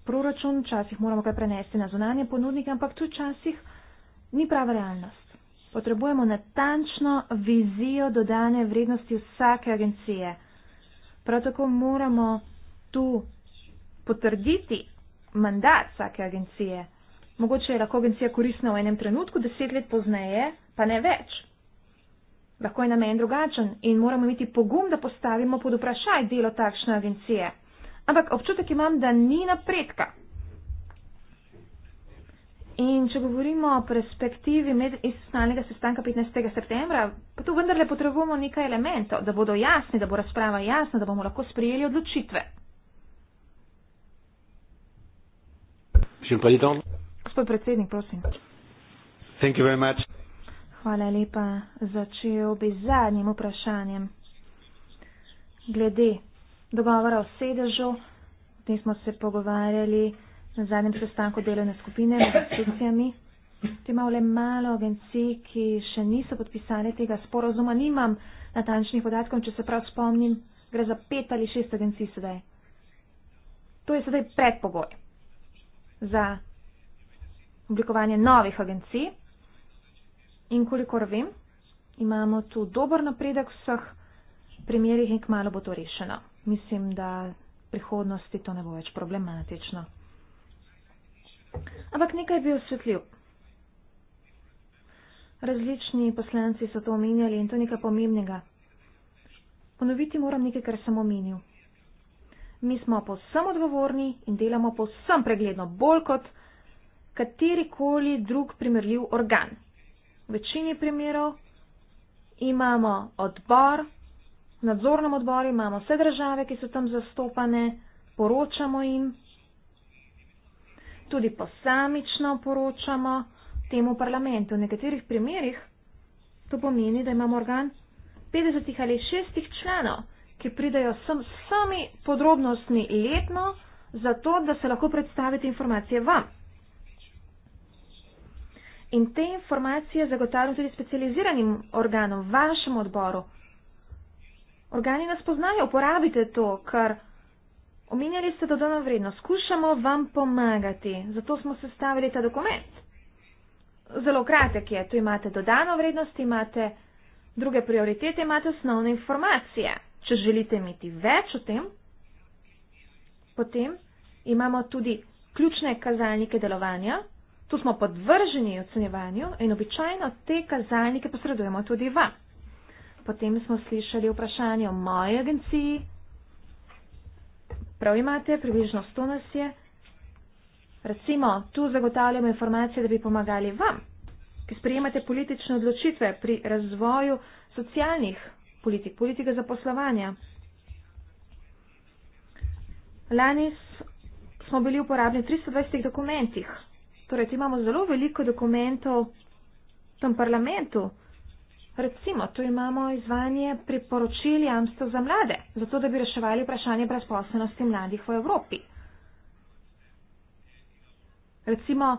proračun, včasih moramo kaj prenesti na zunanje ponudnike, ampak tu včasih ni prava realnost. Potrebujemo natančno vizijo dodane vrednosti vsake agencije. Prav tako moramo tu potrditi mandat vsake agencije. Mogoče je lahko agencija koristna v enem trenutku, deset let pozneje, pa ne več. Lahko je namen drugačen in moramo imeti pogum, da postavimo pod vprašaj delo takšne agencije. Ampak občutek imam, da ni napredka. In če govorimo o perspektivi medinstitucionalnega sestanka 15. septembra, pa tu vendarle potrebujemo nekaj elementov, da bodo jasni, da bo razprava jasna, da bomo lahko sprijeli odločitve. Mislim, pa je dobro. Gospod predsednik, prosim. Thank you very much. Hvala lepa. Začel bi z zadnjim vprašanjem. Glede dogovora o sedežu, o tem smo se pogovarjali na zadnjem sestanku delovne skupine med institucijami. Če imamo le malo agencij, ki še niso podpisali tega sporozuma, nimam natančnih podatkov, če se prav spomnim, gre za pet ali šest agencij sedaj. To je sedaj predpogoj za oblikovanje novih agencij. In kolikor vem, imamo tu dober napredek v vseh primerjih in kmalo bo to rešeno. Mislim, da v prihodnosti to ne bo več problematično. Ampak nekaj bi osvetljiv. Različni poslanci so to omenjali in to nekaj pomembnega. Ponoviti moram nekaj, kar sem omenil mi smo povsem odgovorni in delamo povsem pregledno, bolj kot katerikoli drug primerljiv organ. V večini primerov imamo odbor, v nadzornem odboru imamo vse države, ki so tam zastopane, poročamo jim, tudi posamično poročamo temu parlamentu. V nekaterih primerjih to pomeni, da imamo organ 50 ali 60 članov ki pridejo sem s vsemi podrobnostmi letno, zato da se lahko predstavite informacije vam. In te informacije zagotavljam tudi specializiranim organom, vašemu odboru. Organi nas poznajo, uporabite to, kar omenjali ste dodano vrednost. Skušamo vam pomagati, zato smo sestavili ta dokument. Zelo kratek je, tu imate dodano vrednost, imate druge prioritete, imate osnovne informacije. Če želite imeti več o tem, potem imamo tudi ključne kazalnike delovanja. Tu smo podvrženi ocenjevanju in običajno te kazalnike posredujemo tudi vam. Potem smo slišali vprašanje o moji agenciji. Prav imate, približno 100 nas je. Recimo, tu zagotavljamo informacije, da bi pomagali vam, ki sprejemate politične odločitve pri razvoju socialnih politik, politika zaposlovanja. Lani smo bili uporabni v 320 dokumentih. Torej, imamo zelo veliko dokumentov v tem parlamentu. Recimo, tu imamo izvanje priporočil jamstva za mlade, zato da bi reševali vprašanje brezposobnosti mladih v Evropi. Recimo,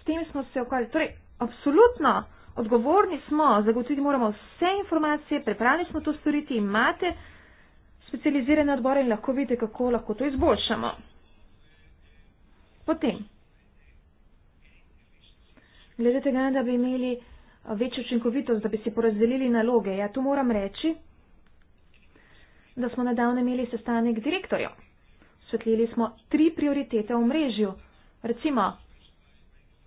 s tem smo se ukvarjali. Torej, absolutno odgovorni smo, zagotoviti moramo vse informacije, prepravni smo to storiti, imate specializirane odbore in lahko vidite, kako lahko to izboljšamo. Potem, glede tega, da bi imeli večjo učinkovitost, da bi si porazdelili naloge, ja, tu moram reči, da smo nedavno imeli sestanek direktorja. Svetlili smo tri prioritete v mrežju. Recimo,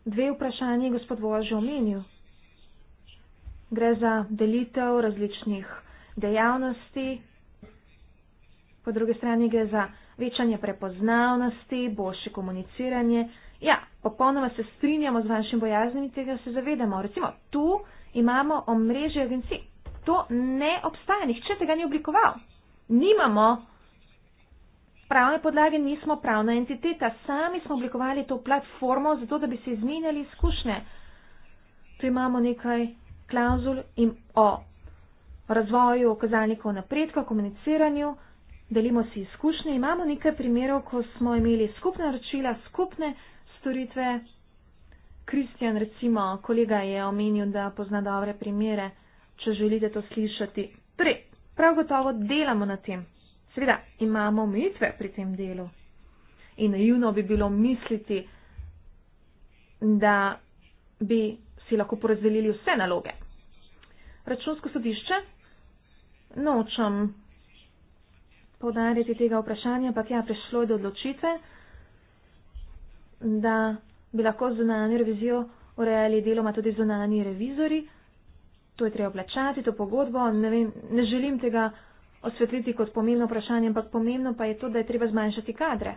dve vprašanje je gospod Vožo omenil gre za delitev različnih dejavnosti, po drugi strani gre za večanje prepoznavnosti, boljše komuniciranje. Ja, popolnoma se strinjamo z vašim bojaznim in tega se zavedamo. Recimo, tu imamo omrežje agencij. To ne obstaja, nihče tega ni oblikoval. Nimamo pravne podlage, nismo pravna entiteta. Sami smo oblikovali to platformo, zato da bi se izmenjali izkušnje. Tu imamo nekaj klauzul in o razvoju kazalnikov napredka, komuniciranju, delimo si izkušnje. Imamo nekaj primerov, ko smo imeli skupna račila, skupne storitve. Kristjan, recimo, kolega je omenil, da pozna dobre primere, če želite to slišati. Torej, prav gotovo delamo na tem. Seveda, imamo omejitve pri tem delu. In naivno bi bilo misliti, da bi si lahko porazdelili vse naloge. Računsko sodišče. Nočem povdarjati tega vprašanja, ampak ja, prišlo je do odločitve, da bi lahko zunanjo revizijo urejali deloma tudi zunanji revizori. To je treba plačati, to pogodbo. Ne, vem, ne želim tega osvetliti kot pomembno vprašanje, ampak pomembno pa je to, da je treba zmanjšati kadre.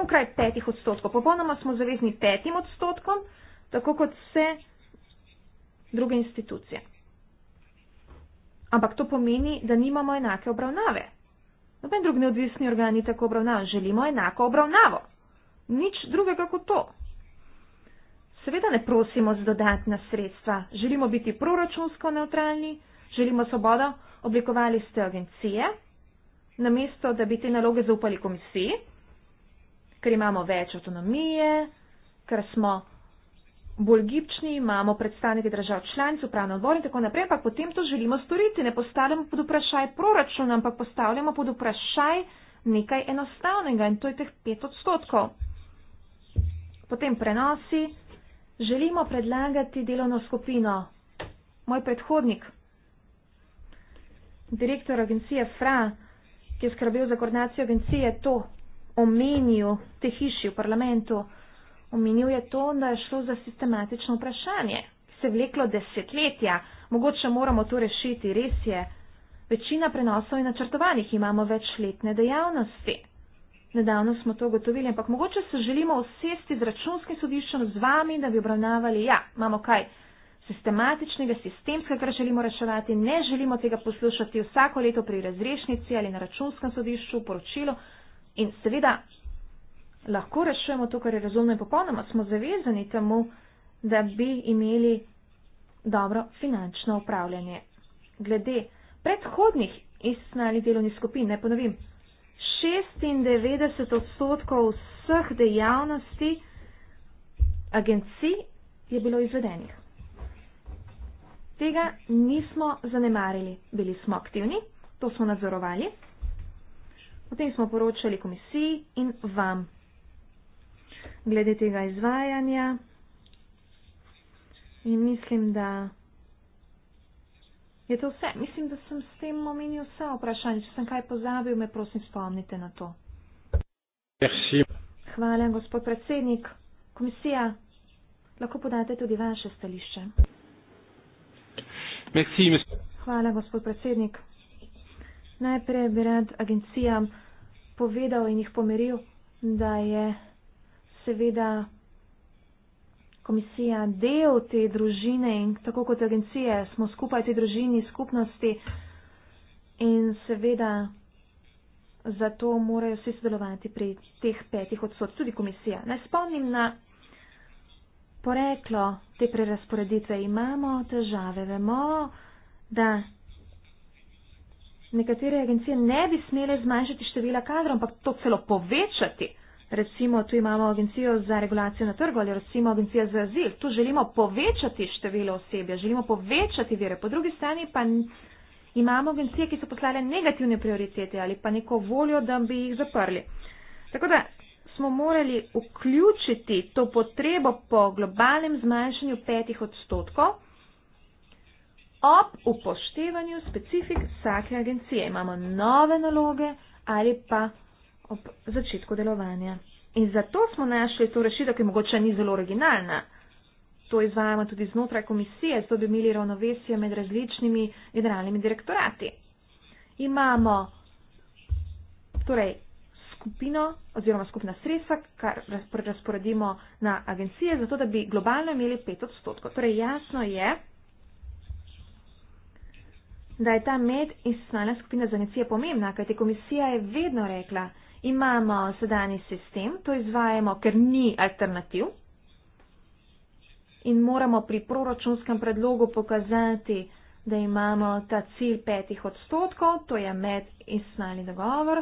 Onkraj petih odstotkov. Popolnoma smo zavezni petim odstotkom, tako kot se druge institucije. Ampak to pomeni, da nimamo enake obravnave. Noben drug neodvisni organ ni tako obravnavan. Želimo enako obravnavo. Nič drugega kot to. Seveda ne prosimo za dodatna sredstva. Želimo biti proračunsko neutralni, želimo svobodo, oblikovali ste agencije, namesto da bi te naloge zaupali komisiji, ker imamo več avtonomije, ker smo bolj gibčni, imamo predstavnike držav članic, upravni odbor in tako naprej, ampak potem to želimo storiti, ne postavljamo pod vprašaj proračuna, ampak postavljamo pod vprašaj nekaj enostavnega in to je teh pet odstotkov. Potem prenosi, želimo predlagati delovno skupino. Moj predhodnik, direktor agencije FRA, ki je skrbel za koordinacijo agencije, je to omenil te hiši v parlamentu. Omenil je to, da je šlo za sistematično vprašanje, ki se je vleklo desetletja, mogoče moramo to rešiti, res je. Večina prenosov je načrtovanih, imamo večletne dejavnosti. Nedavno smo to ugotovili, ampak mogoče se želimo usesti z računskim sodiščem z vami, da bi obravnavali, ja, imamo kaj sistematičnega, sistemskega, kar želimo reševati, ne želimo tega poslušati vsako leto pri razrešnici ali na računskem sodišču, poročilu in seveda lahko rešujemo to, kar je razumno in popolnoma, smo zavezani temu, da bi imeli dobro finančno upravljanje. Glede predhodnih izsnali delovnih skupin, ne ponovim, 96 odstotkov vseh dejavnosti agencij je bilo izvedenih. Tega nismo zanemarili, bili smo aktivni, to smo nadzorovali, potem smo poročali komisiji in vam glede tega izvajanja. In mislim, da je to vse. Mislim, da sem s tem omenil vse vprašanje. Če sem kaj pozabil, me prosim spomnite na to. Merci. Hvala, gospod predsednik. Komisija, lahko podate tudi vaše stališče. Merci, Hvala, gospod predsednik. Najprej bi rad agencijam povedal in jih pomeril, da je seveda komisija del te družine in tako kot agencije smo skupaj te družini, skupnosti in seveda zato morajo vsi sodelovati pri teh petih odsot, tudi komisija. Naj spomnim na poreklo te prerasporeditve. Imamo težave, vemo, da nekatere agencije ne bi smele zmanjšati števila kadrov, ampak to celo povečati recimo tu imamo agencijo za regulacijo na trgu ali recimo agencijo za azil, tu želimo povečati število osebja, želimo povečati vire, po drugi strani pa imamo agencije, ki so poslale negativne prioritete ali pa neko voljo, da bi jih zaprli. Tako da smo morali vključiti to potrebo po globalnem zmanjšanju petih odstotkov ob upoštevanju specifik vsake agencije. Imamo nove naloge ali pa ob začetku delovanja. In zato smo našli to rešitev, ki mogoče ni zelo originalna. To izvajamo tudi znotraj komisije, zato bi imeli ravnovesje med različnimi generalnimi direktorati. Imamo torej skupino oziroma skupna sredstva, kar razporedimo na agencije, zato da bi globalno imeli 5 odstotkov. Torej jasno je, da je ta medinstitucionalna skupina za agencije pomembna, kajti komisija je vedno rekla, imamo sedani sistem, to izvajamo, ker ni alternativ in moramo pri proračunskem predlogu pokazati, da imamo ta cilj petih odstotkov, to je med istnalni dogovor.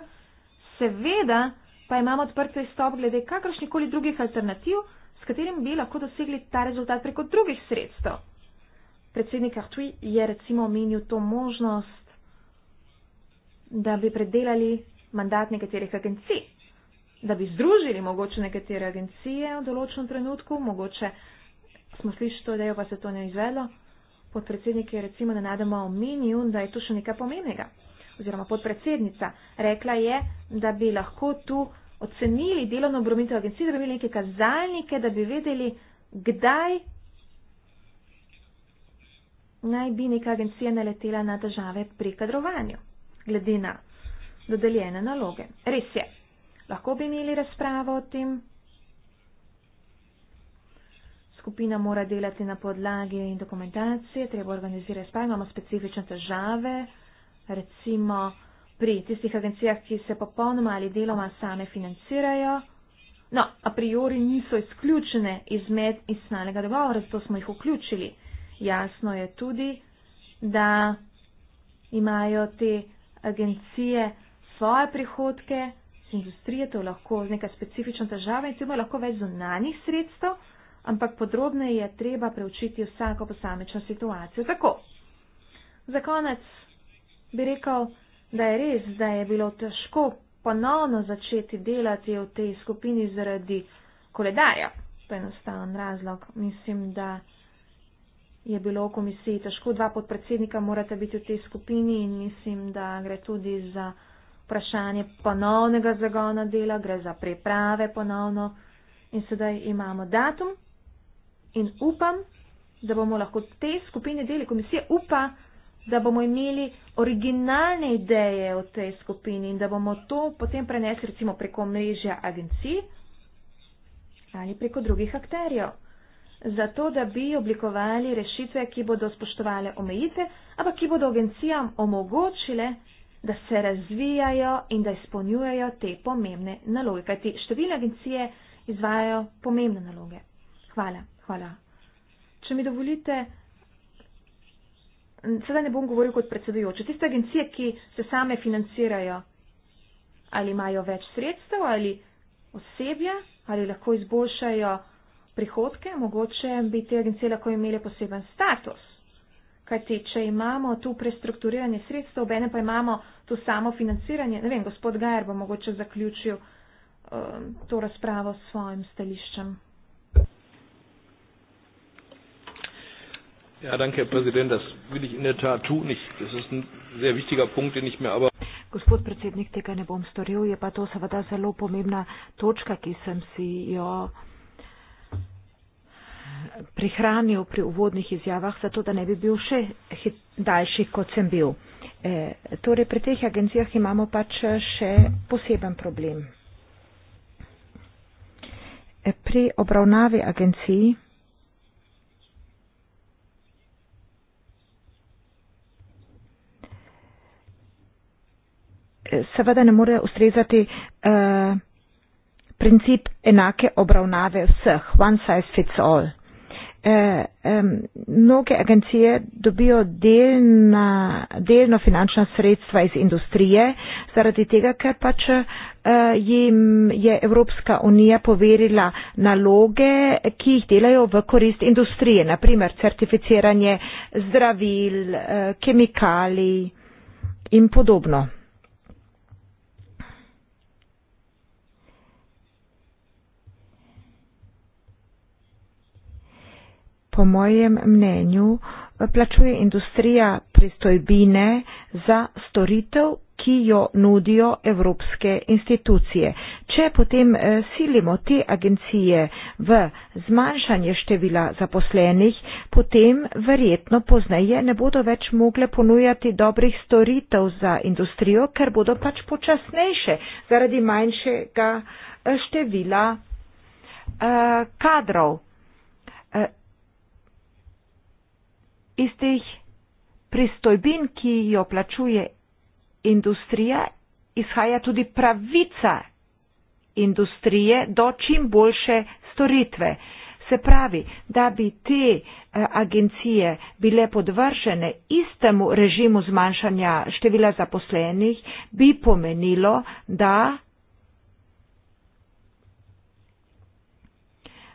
Seveda pa imamo odprt pristop glede kakršnikoli drugih alternativ, s katerim bi lahko dosegli ta rezultat preko drugih sredstev. Predsednik Artui je recimo omenil to možnost, da bi predelali mandat nekaterih agencij, da bi združili mogoče nekatere agencije v določenem trenutku, mogoče smo slišali to idejo, pa se to ne izvedlo. Podpredsednik je recimo ne najdemo omenil, da je to še nekaj pomembnega. Oziroma podpredsednica rekla je, da bi lahko tu ocenili delovno obromitev agencij, da bi imeli neke kazalnike, da bi vedeli, kdaj naj bi neka agencija naletela na države pri kadrovanju. Glede na dodeljene naloge. Res je, lahko bi imeli razpravo o tem. Skupina mora delati na podlagi dokumentacije, treba organizirati spaj, imamo specifične težave, recimo pri tistih agencijah, ki se popolnoma ali deloma same financirajo. No, a priori niso izključene izmed iznalega dogovora, zato smo jih vključili. Jasno je tudi, da imajo te agencije svoje prihodke, z industrije, to je lahko neka specifična država in tu ima lahko več zunanih sredstev, ampak podrobne je treba preučiti vsako posamečno situacijo. Tako, za konec bi rekel, da je res, da je bilo težko ponovno začeti delati v tej skupini zaradi koledarja. To je enostaven razlog. Mislim, da je bilo v komisiji težko, dva podpredsednika morata biti v tej skupini in mislim, da gre tudi za vprašanje ponovnega zagona dela, gre za priprave ponovno in sedaj imamo datum in upam, da bomo lahko te skupine deli, komisija upa, da bomo imeli originalne ideje o tej skupini in da bomo to potem prenesli recimo preko mrežja agencij ali preko drugih akterjev. Zato, da bi oblikovali rešitve, ki bodo spoštovali omejitve, ampak ki bodo agencijam omogočile, da se razvijajo in da izpolnjujejo te pomembne naloge, kajti številne agencije izvajajo pomembne naloge. Hvala, hvala. Če mi dovolite, sedaj ne bom govoril kot predsedujoče. Tiste agencije, ki se same financirajo, ali imajo več sredstev ali osebja, ali lahko izboljšajo prihodke, mogoče bi te agencije lahko imele poseben status. Kajti, če imamo tu prestrukturiranje sredstev, obene pa imamo to samo financiranje. Ne vem, gospod Gajer bo mogoče zaključil um, to razpravo s svojim stališčem. Ja, danke, Herr Präsident, das will ich in der Tat tun. Ich, das ist ein sehr wichtiger Punkt, den ich mir aber. Gospod predsednik, tega ne bom storil, je pa to seveda zelo pomembna točka, ki sem si jo. Uh, prihranil pri uvodnih izjavah, zato da ne bi bil še daljši, kot sem bil. E, torej, pri teh agencijah imamo pač e, še poseben problem. E, pri obravnavi agencij e, seveda ne more ustrezati e, princip enake obravnave vseh, one size fits all eh, mnoge agencije dobijo delna, delno finančna sredstva iz industrije, zaradi tega, ker pač eh, jim je Evropska unija poverila naloge, ki jih delajo v korist industrije, naprimer certificiranje zdravil, eh, kemikalij in podobno. po mojem mnenju, plačuje industrija pristojbine za storitev, ki jo nudijo evropske institucije. Če potem eh, silimo te agencije v zmanjšanje števila zaposlenih, potem verjetno poznaje ne bodo več mogle ponujati dobrih storitev za industrijo, ker bodo pač počasnejše zaradi manjšega eh, števila eh, kadrov iz teh pristojbin, ki jo plačuje industrija, izhaja tudi pravica industrije do čim boljše storitve. Se pravi, da bi te eh, agencije bile podvržene istemu režimu zmanjšanja števila zaposlenih, bi pomenilo, da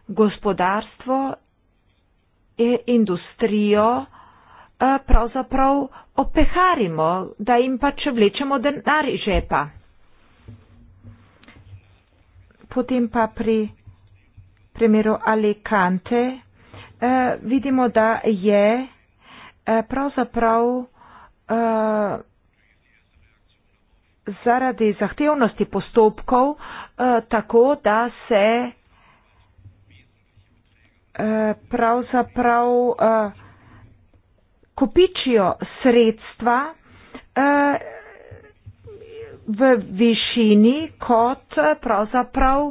gospodarstvo industrijo eh, pravzaprav opeharimo, da jim pač vlečemo denar iz žepa. Potem pa pri primeru Alicante eh, vidimo, da je eh, pravzaprav eh, zaradi zahtevnosti postopkov eh, tako, da se eh, Eh, pravzaprav eh, kopičijo sredstva eh, v višini kot pravzaprav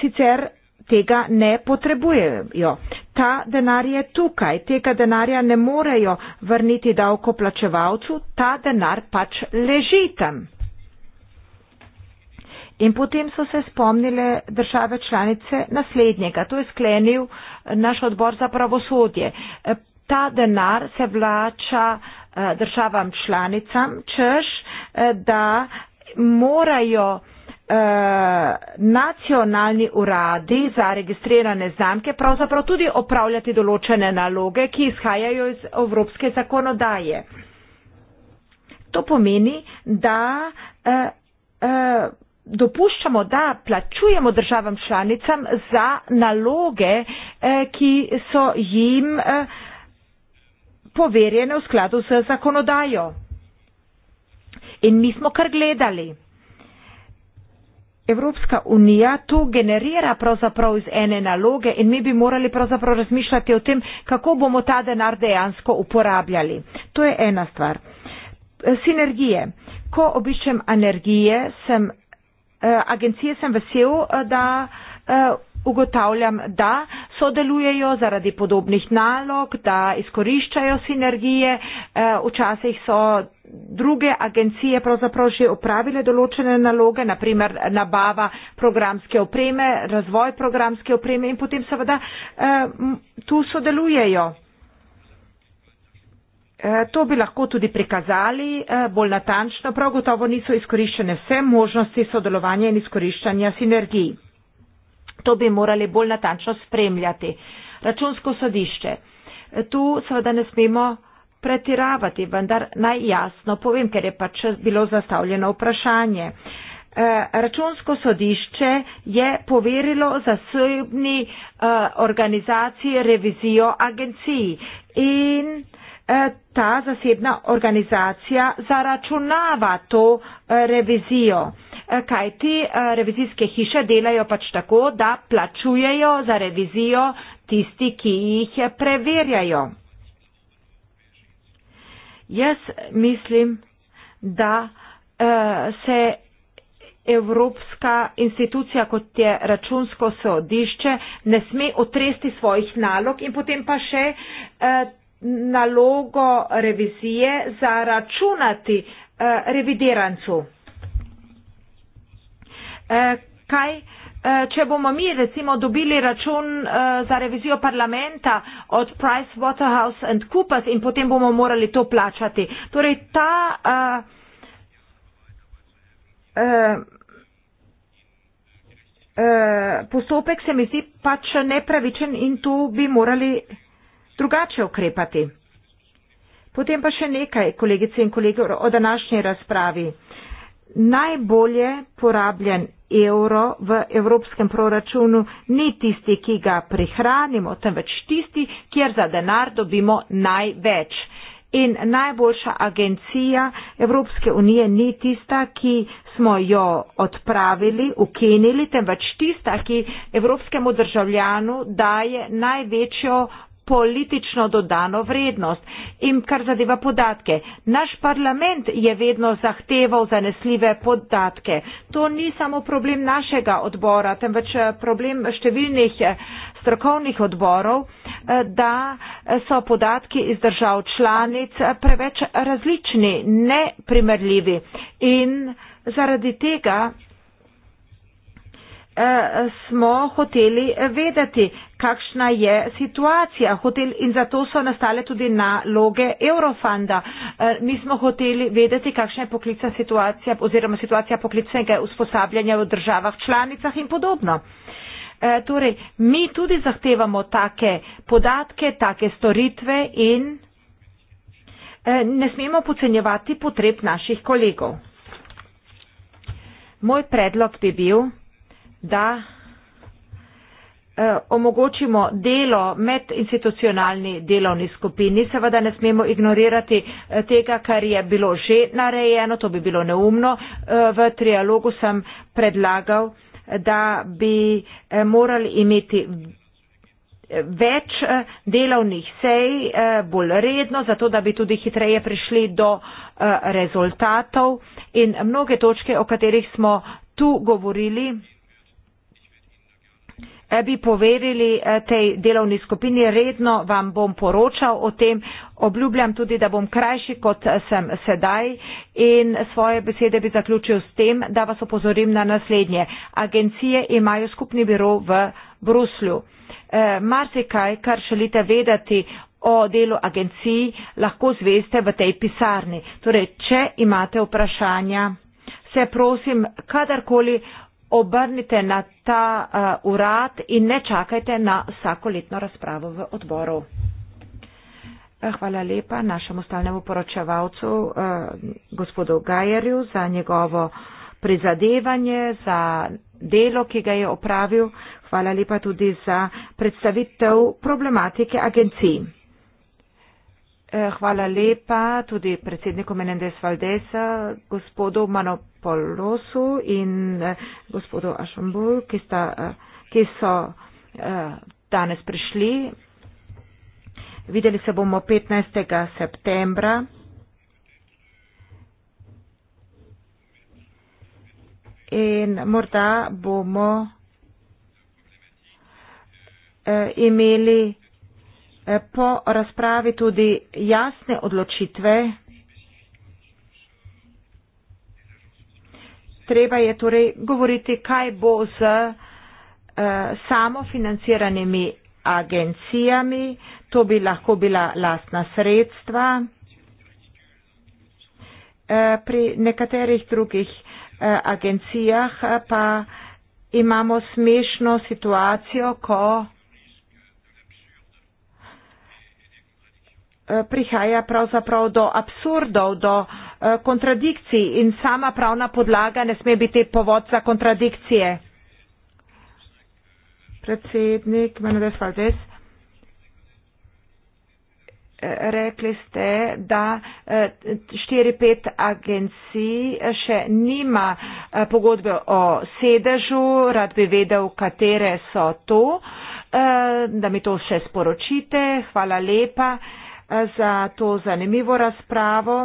sicer tega ne potrebujejo. Ta denar je tukaj, tega denarja ne morejo vrniti davkoplačevalcu, ta denar pač leži tam. In potem so se spomnile države članice naslednjega. To je sklenil eh, naš odbor za pravosodje. Eh, ta denar se vlača eh, državam članicam, čež da morajo nacionalni uradi za registrirane znamke pravzaprav tudi opravljati določene naloge, ki izhajajo iz evropske zakonodaje. To pomeni, da eh, eh, dopuščamo, da plačujemo državam članicam za naloge, eh, ki so jim eh, poverjene v skladu z zakonodajo. In mi smo kar gledali. Evropska unija to generira pravzaprav iz ene naloge in mi bi morali pravzaprav razmišljati o tem, kako bomo ta denar dejansko uporabljali. To je ena stvar. Sinergije. Ko obiščem energije, sem agencije sem vesel, eh, da eh, ugotavljam, da sodelujejo zaradi podobnih nalog, da izkoriščajo sinergije. Eh, včasih so druge agencije pravzaprav že opravile določene naloge, naprimer nabava programske opreme, razvoj programske opreme in potem seveda tu sodelujejo. Eh, to bi lahko tudi prikazali eh, bolj natančno, prav gotovo niso izkoriščene vse možnosti sodelovanja in izkoriščanja sinergij. To bi morali bolj natančno spremljati. Računsko sodišče. Eh, tu seveda ne smemo pretiravati, vendar naj jasno povem, ker je pač bilo zastavljeno vprašanje. Računsko sodišče je poverilo zasebni organizaciji revizijo agenciji in Eh, ta zasebna organizacija zaračunava to eh, revizijo. Eh, Kaj ti revizijske hiše delajo pač tako, da plačujejo za revizijo tisti, ki jih preverjajo. Jaz mislim, da se Evropska institucija, kot je računsko sodišče, ne sme otresti svojih nalog in potem pa še eh, nalogo revizije zaračunati eh, revidirancu. Eh, kaj, eh, če bomo mi recimo dobili račun za revizijo parlamenta od Price Waterhouse and Coopers in potem bomo morali to plačati. Torej ta postopek se mi zdi pač nepravičen in to bi morali drugače ukrepati. Potem pa še nekaj, kolegice in kolege, o današnji razpravi. Najbolje porabljen evro v evropskem proračunu ni tisti, ki ga prihranimo, temveč tisti, kjer za denar dobimo največ. In najboljša agencija Evropske unije ni tista, ki smo jo odpravili, ukinili, temveč tista, ki evropskemu državljanu daje največjo politično dodano vrednost. In kar zadeva podatke, naš parlament je vedno zahteval zanesljive podatke. To ni samo problem našega odbora, temveč eh, problem številnih eh, strokovnih odborov, eh, da so podatki iz držav članic preveč različni, neprimerljivi. In zaradi tega Eh, smo hoteli vedeti, kakšna je situacija hoteli, in zato so nastale tudi naloge Eurofanda. Eh, mi smo hoteli vedeti, kakšna je poklicna situacija oziroma situacija poklicnega usposabljanja v državah članicah in podobno. Eh, torej, mi tudi zahtevamo take podatke, take storitve in ne smemo pocenjevati potreb naših kolegov. Moj predlog bi bil, da eh, omogočimo delo med institucionalni delovni skupini. Seveda ne smemo ignorirati eh, tega, kar je bilo že narejeno, to bi bilo neumno. Eh, v trialogu sem predlagal, da bi morali imeti več delovnih sej, bolj redno, zato da bi tudi hitreje prišli do rezultatov in mnoge točke, o katerih smo tu govorili. Eh, bi poverili eh, tej delovni skupini, redno vam bom poročal o tem, obljubljam tudi, da bom krajši kot eh, sem sedaj in svoje besede bi zaključil s tem, da vas opozorim na naslednje. Agencije imajo skupni biro v Bruslju. Marsikaj, kar želite vedeti o delu agencij, lahko zveste v tej pisarni. Torej, če imate vprašanja, se prosim, kadarkoli obrnite na ta uh, urad in ne čakajte na vsakoletno razpravo v odboru. Eh, hvala lepa našemu stalnemu poročevalcu, uh, gospodu Gajerju, za njegovo prizadevanje, za delo, ki ga je opravil. Hvala lepa tudi za predstavitev problematike agencij. Hvala lepa tudi predsedniku Menendez Valdesa, gospodu Manopoulosu. Paul Rosu in eh, gospodu Ašambul, ki, sta, eh, ki so eh, danes prišli. Videli se bomo 15. septembra. In morda bomo imeli po razpravi tudi jasne odločitve. treba je torej govoriti, kaj bo z uh, eh, samofinanciranimi agencijami, to bi lahko bila lastna sredstva. Eh, pri nekaterih drugih eh, agencijah pa imamo smešno situacijo, ko prihaja pravzaprav do absurdov, do uh, Eh, kontradikcij in sama pravna podlaga ne sme biti povod za kontradikcije. Predsednik Manuel Fazes, eh, rekli ste, da 4-5 eh, agencij še nima pogodbe o sedežu, rad bi vedel, katere so to, da mi to še sporočite. Hvala lepa za to zanimivo razpravo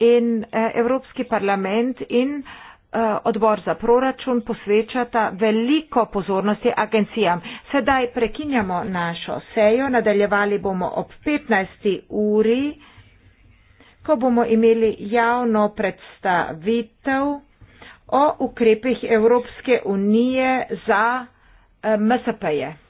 in eh, Evropski parlament in eh, odbor za proračun posvečata veliko pozornosti agencijam. Sedaj prekinjamo našo sejo, nadaljevali bomo ob 15. uri, ko bomo imeli javno predstavitev o ukrepih Evropske unije za eh, MSP-je.